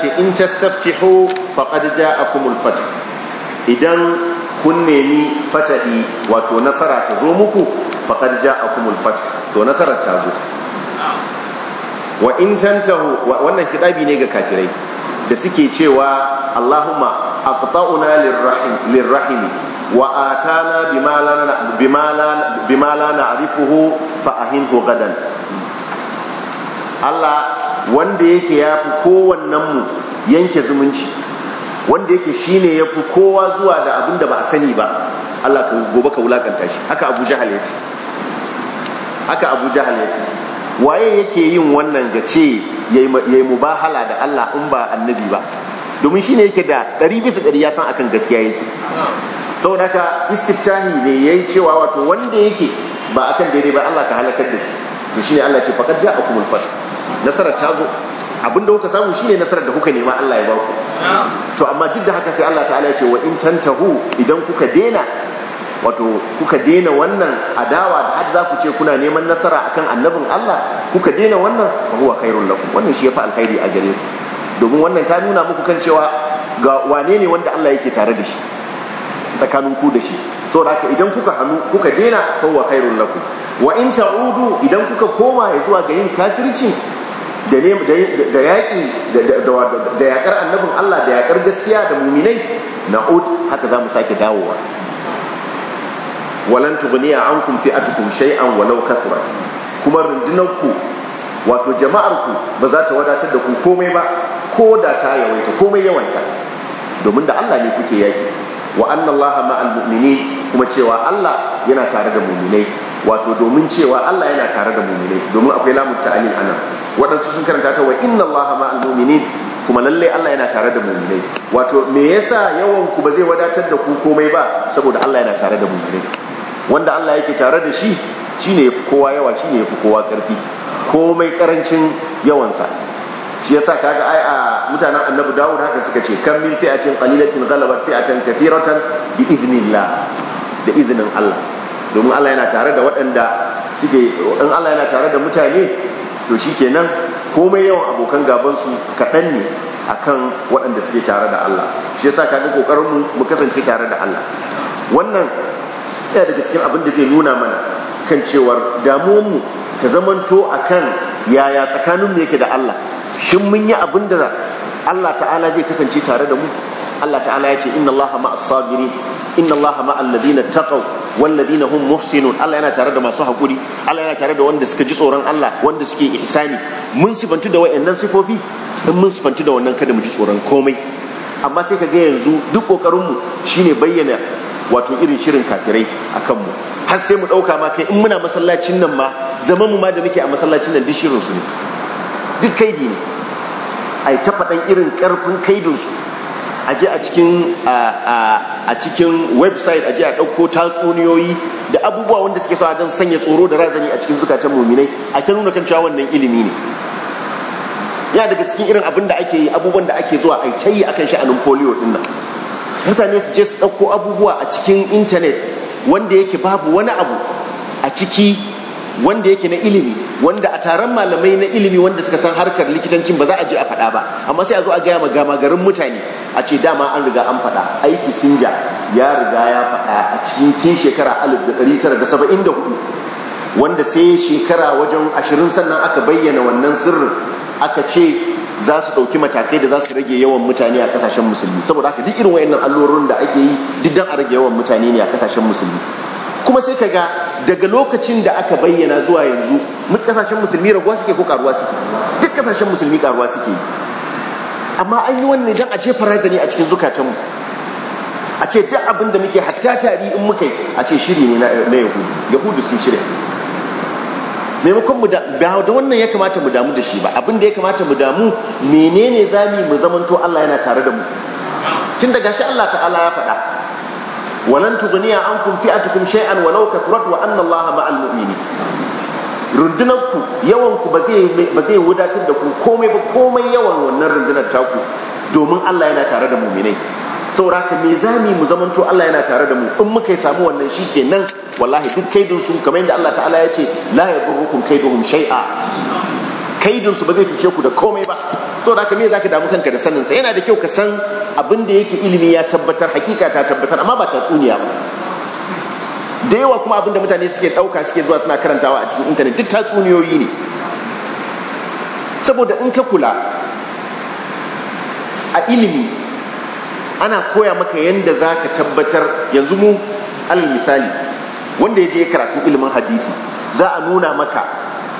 ce in tastaftihu faqad ja'akumul fath idan kun nemi fatahi wato nasara ta zo muku faqad ja'akumul fath to nasara ta zo wa in tantahu wannan kitabi ne ga kafirai da suke cewa Allahumma aqta'una lirrahim lirrahim wa atana bima la bima bima na'rifuhu fa ahinhu gadan Allah wanda yake ya fi mu yanke zumunci wanda yake shi ne ya fi kowa zuwa da abin da ba a sani ba Allah ka gobe ka wulakanta shi haka abu jahal ya haka abu jahal ya waye yake yin wannan ga ce ya yi mubahala da Allah in ba annabi ba domin shi ne yake da ɗari bisa ɗari ya san akan gaskiya yake saboda haka istiftahi ne yayi cewa wato wanda yake ba akan daidai ba Allah ka halakar da shi to shine Allah ce faqad ja'akumul fath nasarar ta zo abinda kuka samu shine nasarar da kuka nema Allah ya ba ku to amma duk da haka sai Allah ta'ala ya ce wa in tantahu idan kuka dena wato kuka dena wannan adawa da har za ku ce kuna neman nasara akan annabin Allah kuka dena wannan fa huwa khairul lakum wannan shi yafi alkhairi a gare ku domin wannan ta nuna muku kan cewa ga wane ne wanda Allah yake tare da shi tsakanin ku da shi saboda haka idan kuka hannu kuka dena huwa khairul lakum wa in ta'udu idan kuka koma zuwa ga yin kafirci da ne da yaƙar annabin Allah da yakar gaskiya da muminai na'ud haka za mu sake dawowa walan tughniya ankum fi'atukum shay'an walau kathura kuma rundunarku wato jama'arku ba za ta wadatar da ku komai ba ko da ta yawaita komai yawanta domin da Allah ne kuke yaƙi wa annan laha ma'al mu'minin kuma cewa Allah yana tare da mu'minai wato domin cewa Allah yana tare da mu'minai domin akwai lamun ta'alil anan waɗansu sun karanta ta wa inna laha ma'al mu'minin kuma lalle Allah yana tare da mu'minai wato me yasa yawan ku ba zai wadatar da ku komai ba saboda Allah yana tare da mu'minai wanda Allah yake tare da shi shine yafi kowa yawa shine yafi kowa karfi komai karancin yawansa shi yasa kaga ai a mutanen annabi dawud haka suka ce kan min fi'atin qalilatin ghalabat fi'atan kathiratan bi iznillah da iznin Allah domin Allah yana tare da waɗanda suke in Allah yana tare da mutane to shikenan komai yawan abokan gaban su kaɗan ne akan waɗanda suke tare da Allah shi yasa kaga kokarin mu mu kasance tare da Allah wannan yana daga cikin abin da zai nuna mana akan cewar damuwanmu ta zamanto kan yaya tsakaninmu yake da Allah shin mun yi abin da Allah ta'ala zai kasance tare da mu Allah ta'ala ya ce inna Allah ma'as sabirin inna Allah ma'al ladina taqaw wal ladina hum muhsinun Allah yana tare da masu hakuri Allah yana tare da wanda suka ji tsoron Allah wanda suke ihsani mun sifantu da wayannan sifofi in mun sifantu da wannan kada mu ji tsoron komai amma sai ka ga yanzu duk kokarin mu shine bayyana wato irin shirin kafirai a kanmu har sai mu ɗauka ma kai in muna masallacin nan ma zaman mu ma da muke a masallacin nan duk shirin su ne duk kaidi ne ai ta faɗan irin ƙarfin kaidin su a je a cikin a cikin website a je a ɗauko tatsuniyoyi da abubuwa wanda suke sawa don sanya tsoro da razani a cikin zukatan muminai a ta nuna kan cewa wannan ilimi ne ya daga cikin irin abin da ake yi abubuwan da ake zuwa a ta yi akan sha'anin polio ɗin nan mutane su je su ɗauko abubuwa a cikin intanet wanda yake babu wani abu a ciki wanda yake na ilimi wanda a taron malamai na ilimi wanda suka san harkar likitancin ba za a je a faɗa ba amma sai a zo a gaya ma gama garin mutane a ce dama an riga an faɗa aiki sinja ya riga ya faɗa a cikin tun shekara 1974 wanda sai shekara wajen ashirin sannan aka bayyana wannan sirrin aka ce za su ɗauki matakai da za su rage yawan mutane a kasashen musulmi saboda haka duk irin wayannan allurorin da ake yi duk dan a rage yawan mutane ne a kasashen musulmi kuma sai kaga daga lokacin da aka bayyana zuwa yanzu mun kasashen musulmi raguwa suke ko karuwa suke duk kasashen musulmi karuwa suke amma an yi wannan dan a ce ne a cikin mu a ce duk abin da muke hatta tari in muka yi a ce shiri ne na yahudu yahudu sun shirya maimakon mu da wannan ya kamata mu damu da shi ba abin da ya kamata mu damu menene zami mu zamanto Allah yana tare da mu tun daga shi Allah ta'ala ya faɗa walan tughniya ankum fi'atukum shay'an walau sha'an, wa anna Allah ma'al mu'minin rundunar ku yawan ku ba ba zai wadatar da ku komai ba komai yawan wannan rundunar taku domin Allah yana tare da mu'minai sauraka mai zami mu zamanto Allah yana tare da mu in muka samu wannan shi ke nan wallahi duk kaidinsu su kamar yadda Allah ta'ala ya ce la yadurrukum kaiduhum shay'a kaidin su ba zai cuce ku da komai ba saboda haka me zaka damu kanka da sanin sa yana da kyau ka san abin da yake ilimi ya tabbatar hakika ta tabbatar amma ba ta tsuniya ba da yawa kuma abin da mutane suke dauka suke zuwa suna karantawa a cikin intanet duk tatsuniyoyi ne saboda in ka kula a ilimi ana koya maka yadda za ka tabbatar yanzu mu alal misali wanda ya je karatu ilimin hadisi za a nuna maka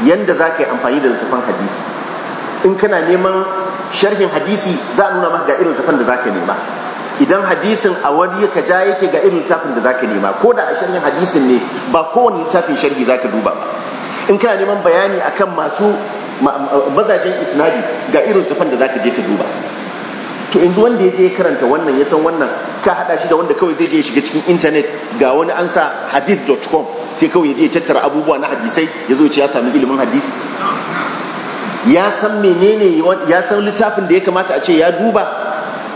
yadda za ka yi amfani da littafan hadisi in kana neman sharhin hadisi za a nuna maka ga irin littafan da za ka nema idan hadisin a wani ka ja yake ga irin littafin da za ka nema ko da a sharhin hadisin ne ba kowane littafin sharhi za ka duba ba in kana neman bayani akan masu mazajen isnadi ga irin littafan da za ka je ka duba to yanzu wanda ya je ya karanta wannan ya san wannan ka hada shi da wanda kawai zai je ya shiga cikin internet ga wani an sa hadith.com sai kawai ya je ya tattara abubuwa na hadisai ya zo ya sami ilimin hadisi ya san menene ya san littafin da ya kamata a ce ya duba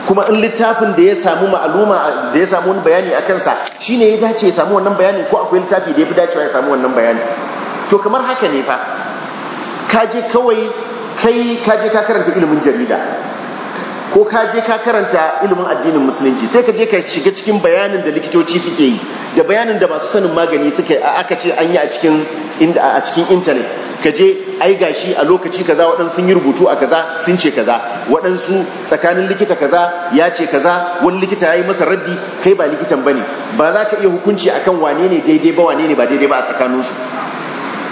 kuma in littafin da ya samu ma'aluma da ya samu wani bayani a kansa shine ya dace ya samu wannan bayani ko akwai littafi da ya fi dacewa ya samu wannan bayani to kamar haka ne fa ka je kawai kai ka je ka karanta ilimin jarida ko ka je ka karanta ilimin addinin musulunci sai ka je ka shiga cikin bayanin da likitoci suke yi da bayanin da masu sanin magani suke aka ce an yi a cikin a cikin intanet ka je ai gashi a lokaci kaza waɗansu sun yi rubutu a kaza sun ce kaza waɗansu tsakanin likita kaza ya ce kaza wani likita ya yi masa raddi kai ba likitan bane ba za ka iya hukunci akan wane ne daidai ba wane ne ba daidai ba a su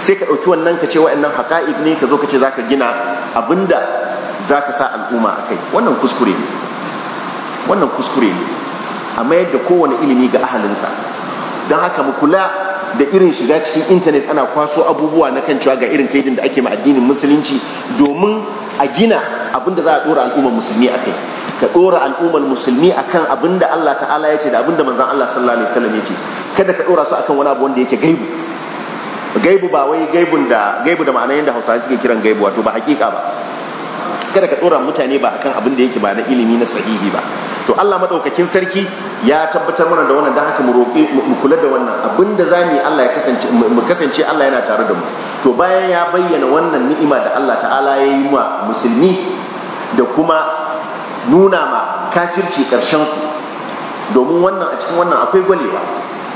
sai ka ɗauki wannan ka ce wa'annan haƙa'iq ne ka zo ka ce za ka gina abinda za ka sa al'umma a kai wannan kuskure ne wannan kuskure ne a mayar da kowane ilimi ga ahalinsa don haka mu kula da irin shiga cikin intanet ana kwaso abubuwa na kan cewa ga irin kaidin da ake ma addinin musulunci domin a gina abinda za a dora al'ummar musulmi a kai ka dora al'ummar musulmi a kan abinda Allah ta'ala ya ce da abinda manzan Allah sallallahu alaihi wasallam ya ce kada ka dora su akan wani abu wanda yake gaibu gaibu ba wai gaibun da gaibu da ma'anar hausawa suke kiran gaibu wato ba hakika ba kada ka dora mutane ba akan abin da yake ba na ilimi na sahihi ba to Allah madaukakin sarki ya tabbatar mana da wannan dan haka mu roƙi mu kula da wannan abin da zamu Allah ya kasance mu kasance Allah yana tare da mu to bayan ya bayyana wannan ni'ima da Allah ta'ala ya yi wa musulmi da kuma nuna ma kafirci karshen su domin wannan a cikin wannan akwai gwalewa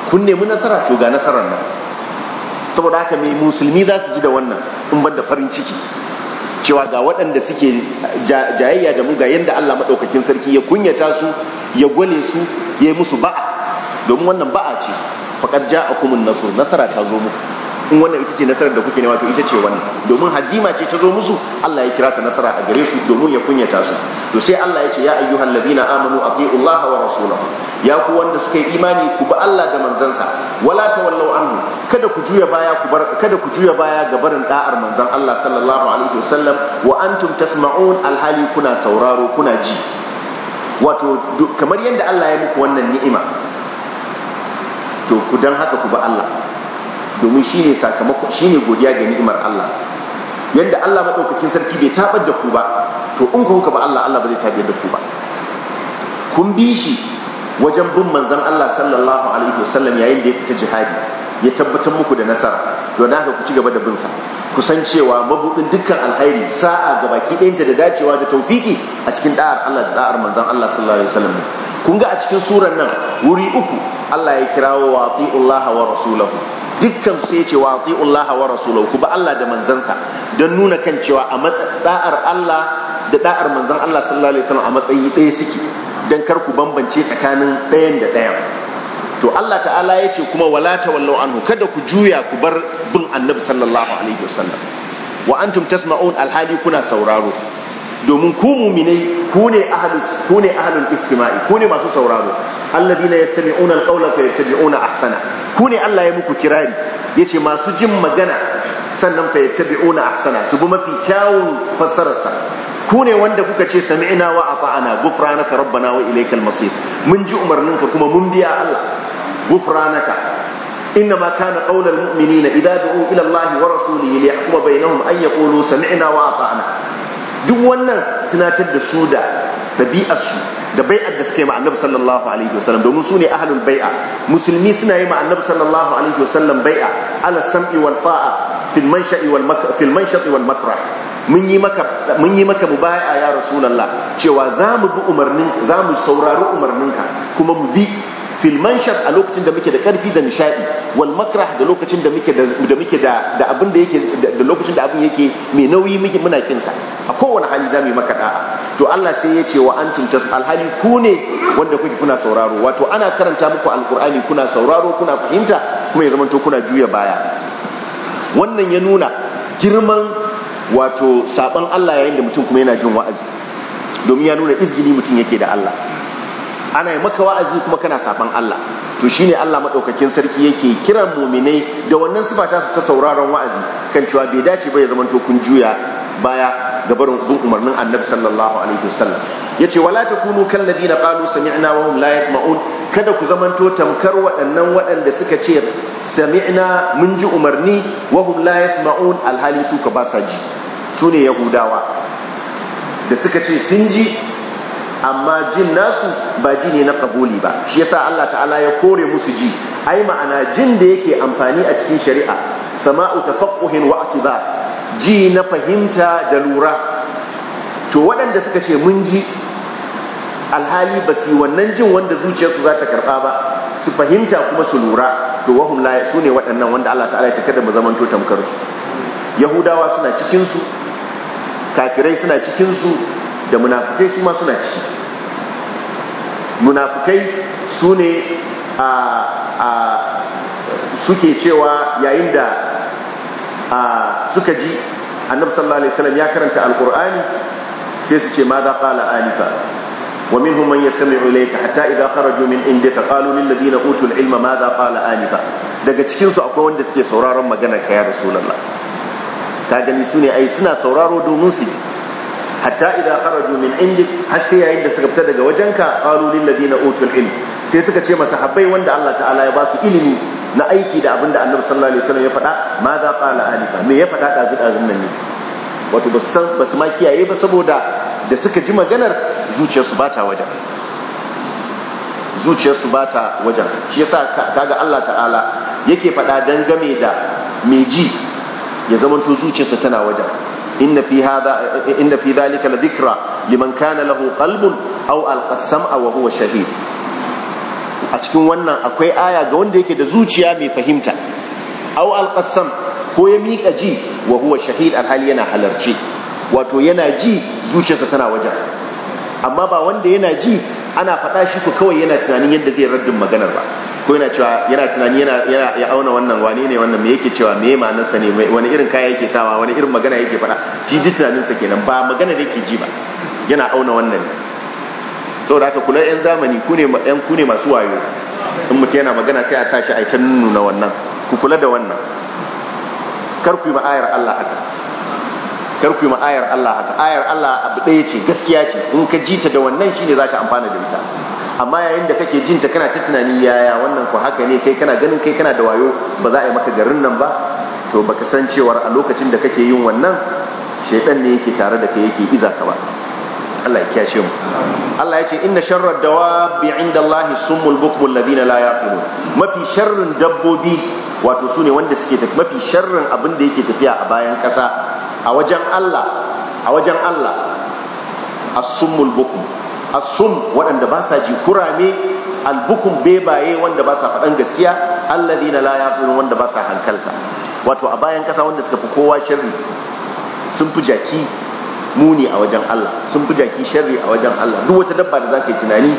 kun nemi nasara to ga nasarar nan saboda haka mai musulmi za su ji da wannan in ban da farin ciki cewa ga waɗanda suke jayayya da mu ga yadda Allah maɗaukakin sarki ya kunyata su ya gwale su ya yi musu ba'a domin wannan ba'a ce faƙar ja'akumun nasu nasara ta zo muku in wannan ita ce nasarar da kuke ne wato ita ce wannan domin hazima ce ta zo musu Allah ya kira ta nasara a gare su domin ya kunyata su to sai Allah ya ce ya ayyuhal ladina amanu atiullaha wa rasulahu ya ku wanda suka yi imani ku bi Allah da manzansa wala tawallau anhu kada ku juya baya ku bar kada ku juya baya ga barin da'ar manzan Allah sallallahu alaihi wasallam wa antum tasma'un alhali kuna sauraro kuna ji wato kamar yadda Allah ya muku wannan ni'ima to ku dan haka ku bi Allah domin ne sakamako ne godiya ga ni'imar Allah yadda Allah maɗaukakin sarki bai tabar da ku ba to in kuka ba Allah Allah ba zai tabar da ku ba kun bi shi wajen bin Manzan Allah sallallahu alaihi wasallam yayin da ya fita jihadi ya tabbatar muku da nasara don haka ku ci gaba da bin sa ku san cewa mabudin dukkan alkhairi sa'a ga baki ɗayanta da dacewa da taufiki a cikin da'ar Allah da da'ar manzan Allah sallallahu alaihi wasallam kun ga a cikin surar nan wuri uku Allah ya kirawo wa Allah wa rasulahu dukkan su yace wa Allah wa rasulahu ku ba Allah da manzansa don nuna kan cewa a da'ar Allah da da'ar manzon Allah sallallahu alaihi wasallam a matsayi ɗaya suke don kar ku bambance tsakanin ɗayan da ɗayan to Allah ta'ala ya ce kuma wala tawallau anhu kada ku juya ku bar bin annabi sallallahu alaihi wasallam wa antum tasma'un alhali kuna sauraro domin ku muminai ku ne ahlus ku ne ahlul istima'i ku ne masu sauraro alladina yastami'una alqawla fayattabi'una ahsana ku ne Allah ya muku kirari yace masu jin magana sannan fayattabi'una ahsana su bi mafi kyawun fassararsa ku ne wanda kuka ce sami'na wa afa'ana gufranaka rabbana wa ilaikal masir mun ji umarnin ka kuma mun biya Allah gufranaka inna ma kana qaulul mu'minina idza du'u ila Allah wa rasulihi li yahkuma bainahum ay yaqulu sami'na a fa'ana. duk wannan tunatar da su da ɗabi'arsu da bai'ar da suka yi ma annabi sallallahu alaihi wasallam domin su ne ahlul bai'a musulmi suna yi ma annabi sallallahu alaihi wasallam bai'a ala sam'i wal fa'a fil manshati wal makra fil manshati wal makra mun yi maka mun yi maka mubai'a ya rasulullah cewa za mu bi umarnin za mu saurari umarninka kuma mu bi fil manshab a lokacin da muke da karfi da nishadi wal makrah da lokacin da muke da muke da abin da yake da lokacin da abin yake mai nauyi muke muna kinsa a kowane hali zamu yi maka da'a to Allah sai ya ce wa antum tas alhali ku ne wanda kuke kuna sauraro wato ana karanta muku alqur'ani kuna sauraro kuna fahimta kuma ya zamanto kuna juya baya wannan ya nuna girman wato saban Allah yayin da mutum kuma yana jin wa'azi domin ya nuna izgili mutum yake da Allah ana yi maka wa'azi kuma kana saban Allah to shi ne Allah madaukakin sarki yake kiran muminai da wannan su ta su ta sauraron wa'azi kan cewa bai dace ba ya zama to kun juya baya ga barin su umarnin Annabi sallallahu alaihi wasallam yace wala takunu kal ladina qalu sami'na wa hum la yasma'un kada ku zaman to tamkar waɗannan waɗanda suka ce sami'na mun ji umarni wa hum la yasma'un alhali suka ba sa ji sune yahudawa da suka ce sun ji amma jin nasu ba ji ne na kabuli ba shi yasa Allah ta'ala ya kore musu ji ai ma'ana jin da yake amfani a cikin shari'a sama'u tafaqquhin wa atiba ji na fahimta da lura to waɗanda suka ce mun ji alhali ba su wannan jin wanda zuciyarsu za ta karɓa ba su fahimta kuma su lura to wahum la su ne waɗannan wanda Allah ta'ala ya ce kada mu zamanto tamkar su yahudawa suna cikin su kafirai suna cikin su da munafukai su masu suna ciki munafukai su ne a suke cewa yayin da suka ji annabi sallallahu alaihi wasallam ya karanta alqur'ani sai su ce ma za kala anifa wa minhum man yastami'u ilayka hatta idha kharaju min indika qalu lil ladina utul ilma ma za kala anifa daga cikinsu akwai wanda suke sauraron maganar ka ya rasulullah ka gani su ne ai suna sauraro domin su hatta idan kharaju min indik har sai yayin da suka fita daga wajenka qalu lil ladina utul ilm sai suka ce masa habbai wanda Allah ta'ala ya ba ilimi na aiki da abinda Annabi sallallahu alaihi wasallam ya fada ma za qala alifa me ya fada da zuɗa nan ne wato ba su ba su ma kiyaye ba saboda da suka ji maganar zuciyarsu ba ta wajen zuciyarsu ba ta wajen shi yasa kaga Allah ta'ala yake faɗa dangane da meji ji ya zamanto zuciyarsa tana wajen inna fi fi dhalika la dhikra liman kana lahu qalbun aw alqa sam'a wa huwa shahid a cikin wannan akwai aya ga wanda yake da zuciya mai fahimta aw alqasam ko ya mika ji wa huwa shahid alhali yana halarci wato yana ji zuciyarsa tana wajen amma ba wanda yana ji ana faɗa shi ko kawai yana tunanin yadda zai raddin maganar ba ko yana cewa yana tunani yana ya auna wannan wani ne wannan me yake cewa me ma'anarsa ne wani irin kaya yake sawa wani irin magana yake faɗa ji ji tunaninsa kenan ba magana da yake ji ba yana auna wannan saboda haka kula yan zamani ku ne yan ku ne masu wayo in mutum yana magana sai a sa shi a nuna wannan ku kula da wannan kar ku yi ma'ayar Allah haka kar ku yi ma'ayar Allah haka ayar Allah abu ɗaya ce gaskiya ce in ka ji ta da wannan shine zaka amfana da ita amma yayin da kake jin ta kana ta tunani yaya wannan ko haka ne kai kana ganin kai kana da wayo ba za a yi maka garin nan ba to baka san cewar a lokacin da kake yin wannan shaidan ne yake tare da kai yake iza ka ba Allah ya kiyashe mu Allah ya ce inna sharrad dawabi inda Allah sumul bukmul ladina la yaqilun mafi sharrin dabbobi wato sune wanda suke tafi mafi sharrin abin da yake tafiya a bayan kasa a wajen Allah a wajen Allah as-summul bukm asum waɗanda ba sa ji kurame albukun bebaye wanda ba sa faɗan gaskiya alladina la yaqilun wanda ba sa hankalta wato a bayan ƙasa wanda suka fi kowa sharri sun fi jaki muni a wajen Allah sun fi jaki sharri a wajen Allah duk wata dabba da zaka yi tunani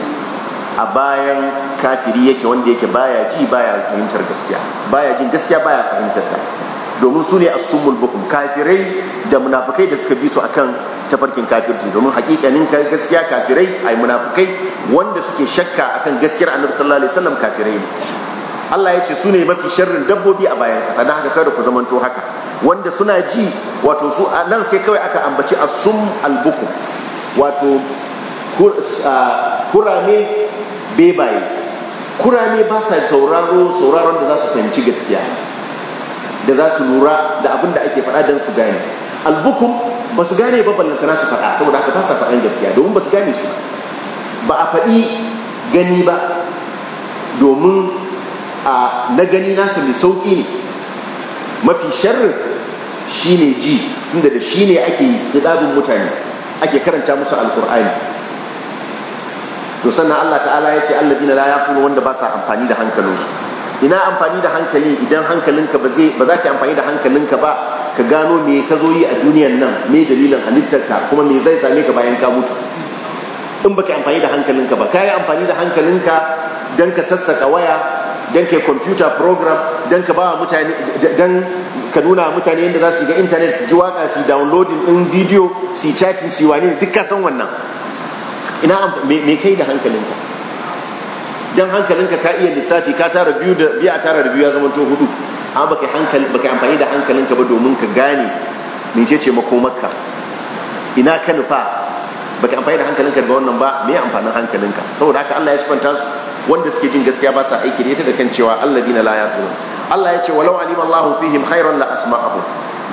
a bayan kafiri yake wanda yake baya ji baya fahimtar gaskiya baya jin gaskiya baya fahimtar ta domin su ne asumul bukum kafirai da munafukai da suka bi su akan tafarkin kafirci domin hakikanin gaskiya kafirai ai munafukai wanda suke shakka akan gaskiyar annabi sallallahu alaihi wasallam kafirai ne Allah ya ce su ne mafi sharrin dabbobi a bayan kasa don haka kada ku zamanto haka wanda suna ji wato su a nan sai kawai aka ambaci a sum albuku wato kurame bebaye kurame ba sa sauraro sauraron da za su fahimci gaskiya da za su lura da abin da ake faɗa don su gane albukum ba su gane ba na su faɗa saboda aka fasa faɗan gaskiya domin ba su gane shi ba a faɗi gani ba domin a na gani nasa mai sauƙi ne mafi sharrin shi ne ji tunda da shi ne ake hidabin mutane ake karanta musu alkur'ani to sannan allah ta'ala ya ce allah dina la ya wanda ba sa amfani da hankalinsu ina amfani da hankali idan hankalinka ba zai ba za ka amfani da hankalinka ba ka gano me ka zo yi a duniyan nan me dalilin halittarka kuma me zai same ka bayan ka mutu in baka amfani da hankalinka ba ka yi amfani da hankalinka don ka sassaka waya don ka yi computer program don ka ba mutane don ka nuna mutane yadda za su ga internet su ji waka su downloading din video su chatting su yi wani duk ka san wannan ina me kai da hankalinka dan hankalinka ka iya lissafi ka tara biyu da biya tara da biyu ya zama to hudu amma baka hankali baka amfani da hankalinka ba domin ka gane mecece makomarka ina ka nufa baka amfani da hankalinka ba wannan ba me amfanin hankalinka saboda haka Allah ya sifanta su wanda suke jin gaskiya ba sa aiki da ita da kan cewa alladina la yasunun Allah ya ce walau alima Allahu fihim khairan la asma'ahum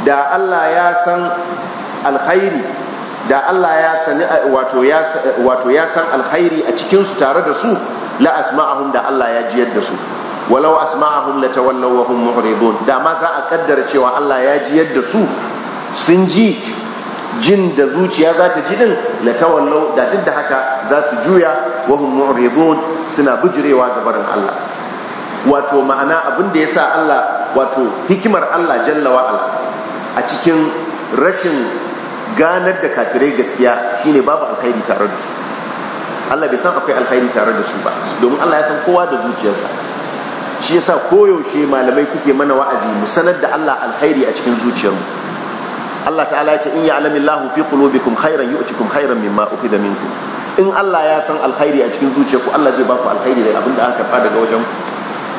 da Allah ya san alkhairi da Allah ya sani eh, wato ya eh, wato ya san alkhairi a cikin su tare da su la asma'ahum da Allah ya jiyar da su walau asma'ahum la tawallaw wa hum mu'ridun da ma za a kaddara cewa Allah ya jiyar da su sun ji jin da zuciya za ta ji din la tawallaw da duk da haka za su juya wa hum mu'ridun suna bujurewa ga barin Allah wato ma'ana abin da yasa Allah wato hikimar Allah jalla wa ala a cikin rashin ganar da kafirai gaskiya shine babu alkhairi tare da su Allah bai san akwai alkhairi tare da su ba domin Allah ya san kowa da zuciyarsa shi yasa koyaushe malamai suke mana wa'azi mu sanar da Allah alkhairi a cikin zuciyarmu Allah ta'ala ya ce in Allahu fi qulubikum khairan yu'tikum khairan mimma ukhida minkum in Allah ya san alkhairi a cikin zuciyarku Allah zai baku alkhairi da abinda aka fada daga wajen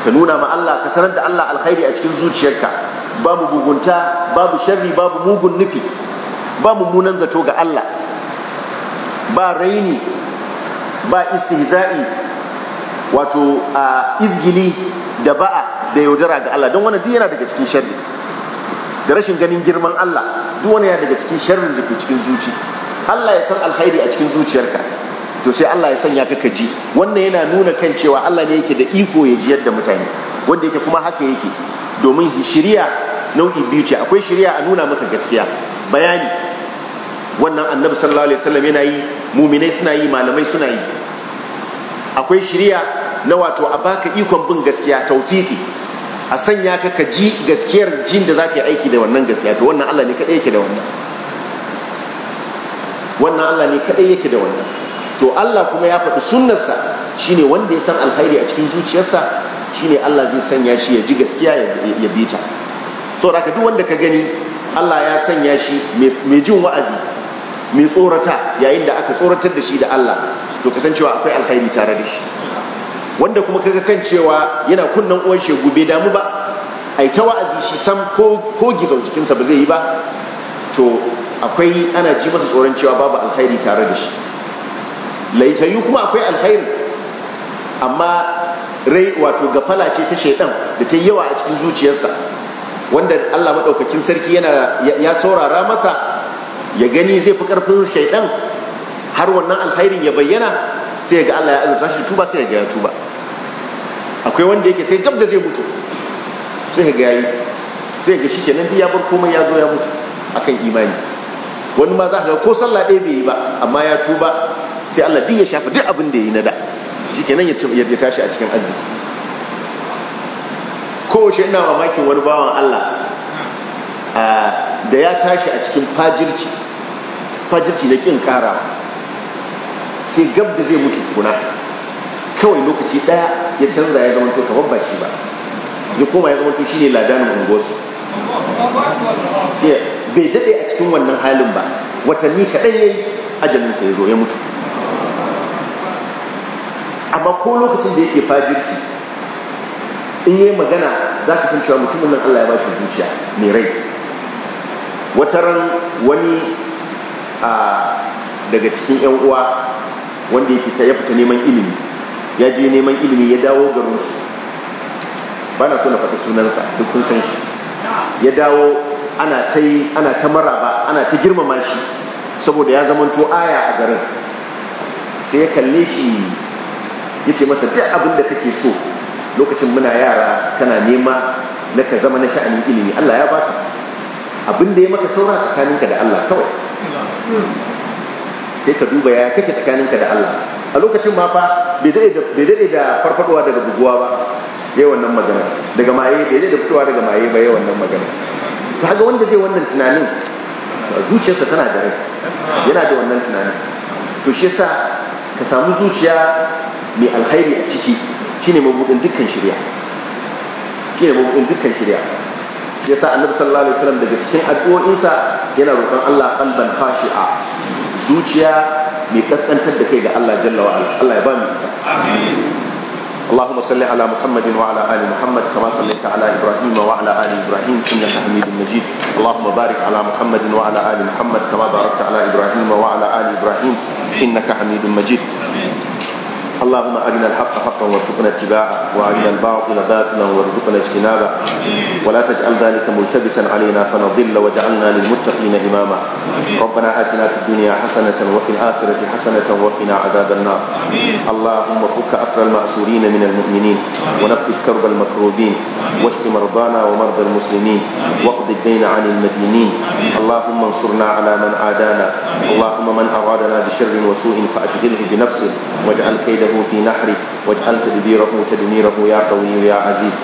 ka nuna ma Allah ka sanar da Allah alkhairi a cikin zuciyarka babu bugunta babu sharri babu mugun nufi ba mummunan zato ga Allah ba raini ba istihza'i wato a izgili da ba'a da yaudara ga Allah don wani duk yana daga cikin sharri da rashin ganin girman Allah duk wani yana daga cikin sharrin da ke cikin zuci Allah ya san alkhairi a cikin zuciyarka to sai Allah ya sanya ka ji wannan yana nuna kan cewa Allah ne yake da iko ya jiyar da mutane wanda yake kuma haka yake domin shiriya nau'in biyu ce akwai shiriya a nuna maka gaskiya bayani wannan annabi sallallahu alaihi wasallam yana yi muminai suna yi malamai suna yi akwai shiriya na wato a baka ikon bin gaskiya tawfiqi a sanya ka ka ji gaskiyar jin da zaka yi aiki da wannan gaskiya to wannan Allah ne kadai yake da wannan wannan Allah ne kadai yake da wannan to Allah kuma ya faɗi sunnarsa shine wanda ya san alkhairi a cikin zuciyarsa shine Allah zai sanya shi ya ji gaskiya ya bi ta so da duk wanda ka gani Allah ya sanya shi mai jin wa'azi mai tsorata yayin da aka tsoratar da shi da Allah to kasancewa akwai alkhairi tare da shi wanda kuma kaga kan cewa yana kunnan uwan shegu bai damu ba ai ta wa'azi shi sam ko ko cikin jikinsa ba zai yi ba to akwai ana ji masa tsoron cewa babu alkhairi tare da shi laitayu kuma akwai alkhairi amma rai wato gafala ce ta shaidan da ta yawa a cikin zuciyarsa wanda Allah madaukakin sarki yana ya saurara masa ya gani zai fi karfin shaidan har wannan alkhairin ya bayyana sai ga Allah ya azurta shi tuba sai ga ya tuba akwai wanda yake sai gabda zai mutu sai ga yayi sai ga shi kenan ya bar komai ya zo ya mutu akan imani wani ma za ka ga ko sallah ɗaya bai yi ba amma ya tuba sai Allah duk ya shafa duk abin da ya yi na da shi kenan ya tashi a cikin arziki kowace ina mamakin wani bawan Allah da ya tashi a cikin fajirci fajirci da kin kara sai gab da zai mutu tukuna kawai lokaci daya ya canza ya zama to kamar ba shi ba ya koma ya zama to ne ladanin unguwarsu bai daɗe a cikin wannan halin ba watanni kaɗan yi ajalin sai zo ya mutu amma ko lokacin da yake fajirci in yi magana za ka san cewa mutumin nan Allah ya ba shi zuciya mai rai wataran wani daga cikin yan uwa wanda ya fita ya fita neman ilimi ya je neman ilimi ya dawo garinsu ba na so na faɗi sunansa duk kun san shi ya dawo ana ta yi ana ta maraba ana ta girmama shi saboda ya zamanto aya a garin sai ya kalle shi ya ce masa duk abin da kake so lokacin muna yara tana nema na ka zama na sha'anin ilimi Allah ya baka abin da ya maka saura tsakaninka da Allah kawai sai ka duba ya kake tsakaninka da Allah a lokacin ma fa bai daɗe da farfadowa daga buguwa ba yi wannan magana daga maye bai daɗe da fitowa daga maye ba yi wannan magana ta ga wanda zai wannan tunanin zuciyarsa tana da rai yana da wannan tunanin to shi sa ka samu zuciya mai alhairi a ciki shine mabudin dukkan shirya shine mabudin dukkan shirya yasa annabi sallallahu alaihi wasallam daga cikin addu'o'insa yana roƙon Allah qalban a zuciya mai kaskantar da kai ga Allah jalla wa ala Allah ya ba mu ita اللهم صل على محمد وعلى ال محمد كما صليت على ابراهيم وعلى ال ابراهيم انك حميد مجيد اللهم بارك على محمد وعلى ال محمد كما باركت على ابراهيم وعلى ال ابراهيم انك حميد مجيد اللهم أرنا الحق حقا وارزقنا اتباعه وأرنا الباطل باطلا وارزقنا اجتنابه ولا تجعل ذلك ملتبسا علينا فنضل وجعلنا للمتقين إماما ربنا آتنا في الدنيا حسنة وفي الآخرة حسنة وقنا عذاب النار اللهم فك أسر المأسورين من المؤمنين ونفس كرب المكروبين واشف مرضانا ومرضى المسلمين واقض الدين عن المدينين اللهم انصرنا على من عادانا اللهم من أرادنا بشر وسوء فأشغله بنفسه واجعل كيده كيده في نحره واجعل تدبيره تدميره يا قوي يا عزيز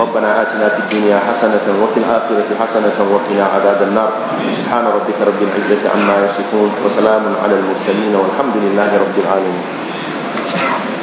ربنا آتنا في الدنيا حسنة وفي الآخرة حسنة وقنا عذاب النار سبحان ربك رب العزة عما يصفون وسلام على المرسلين والحمد لله رب العالمين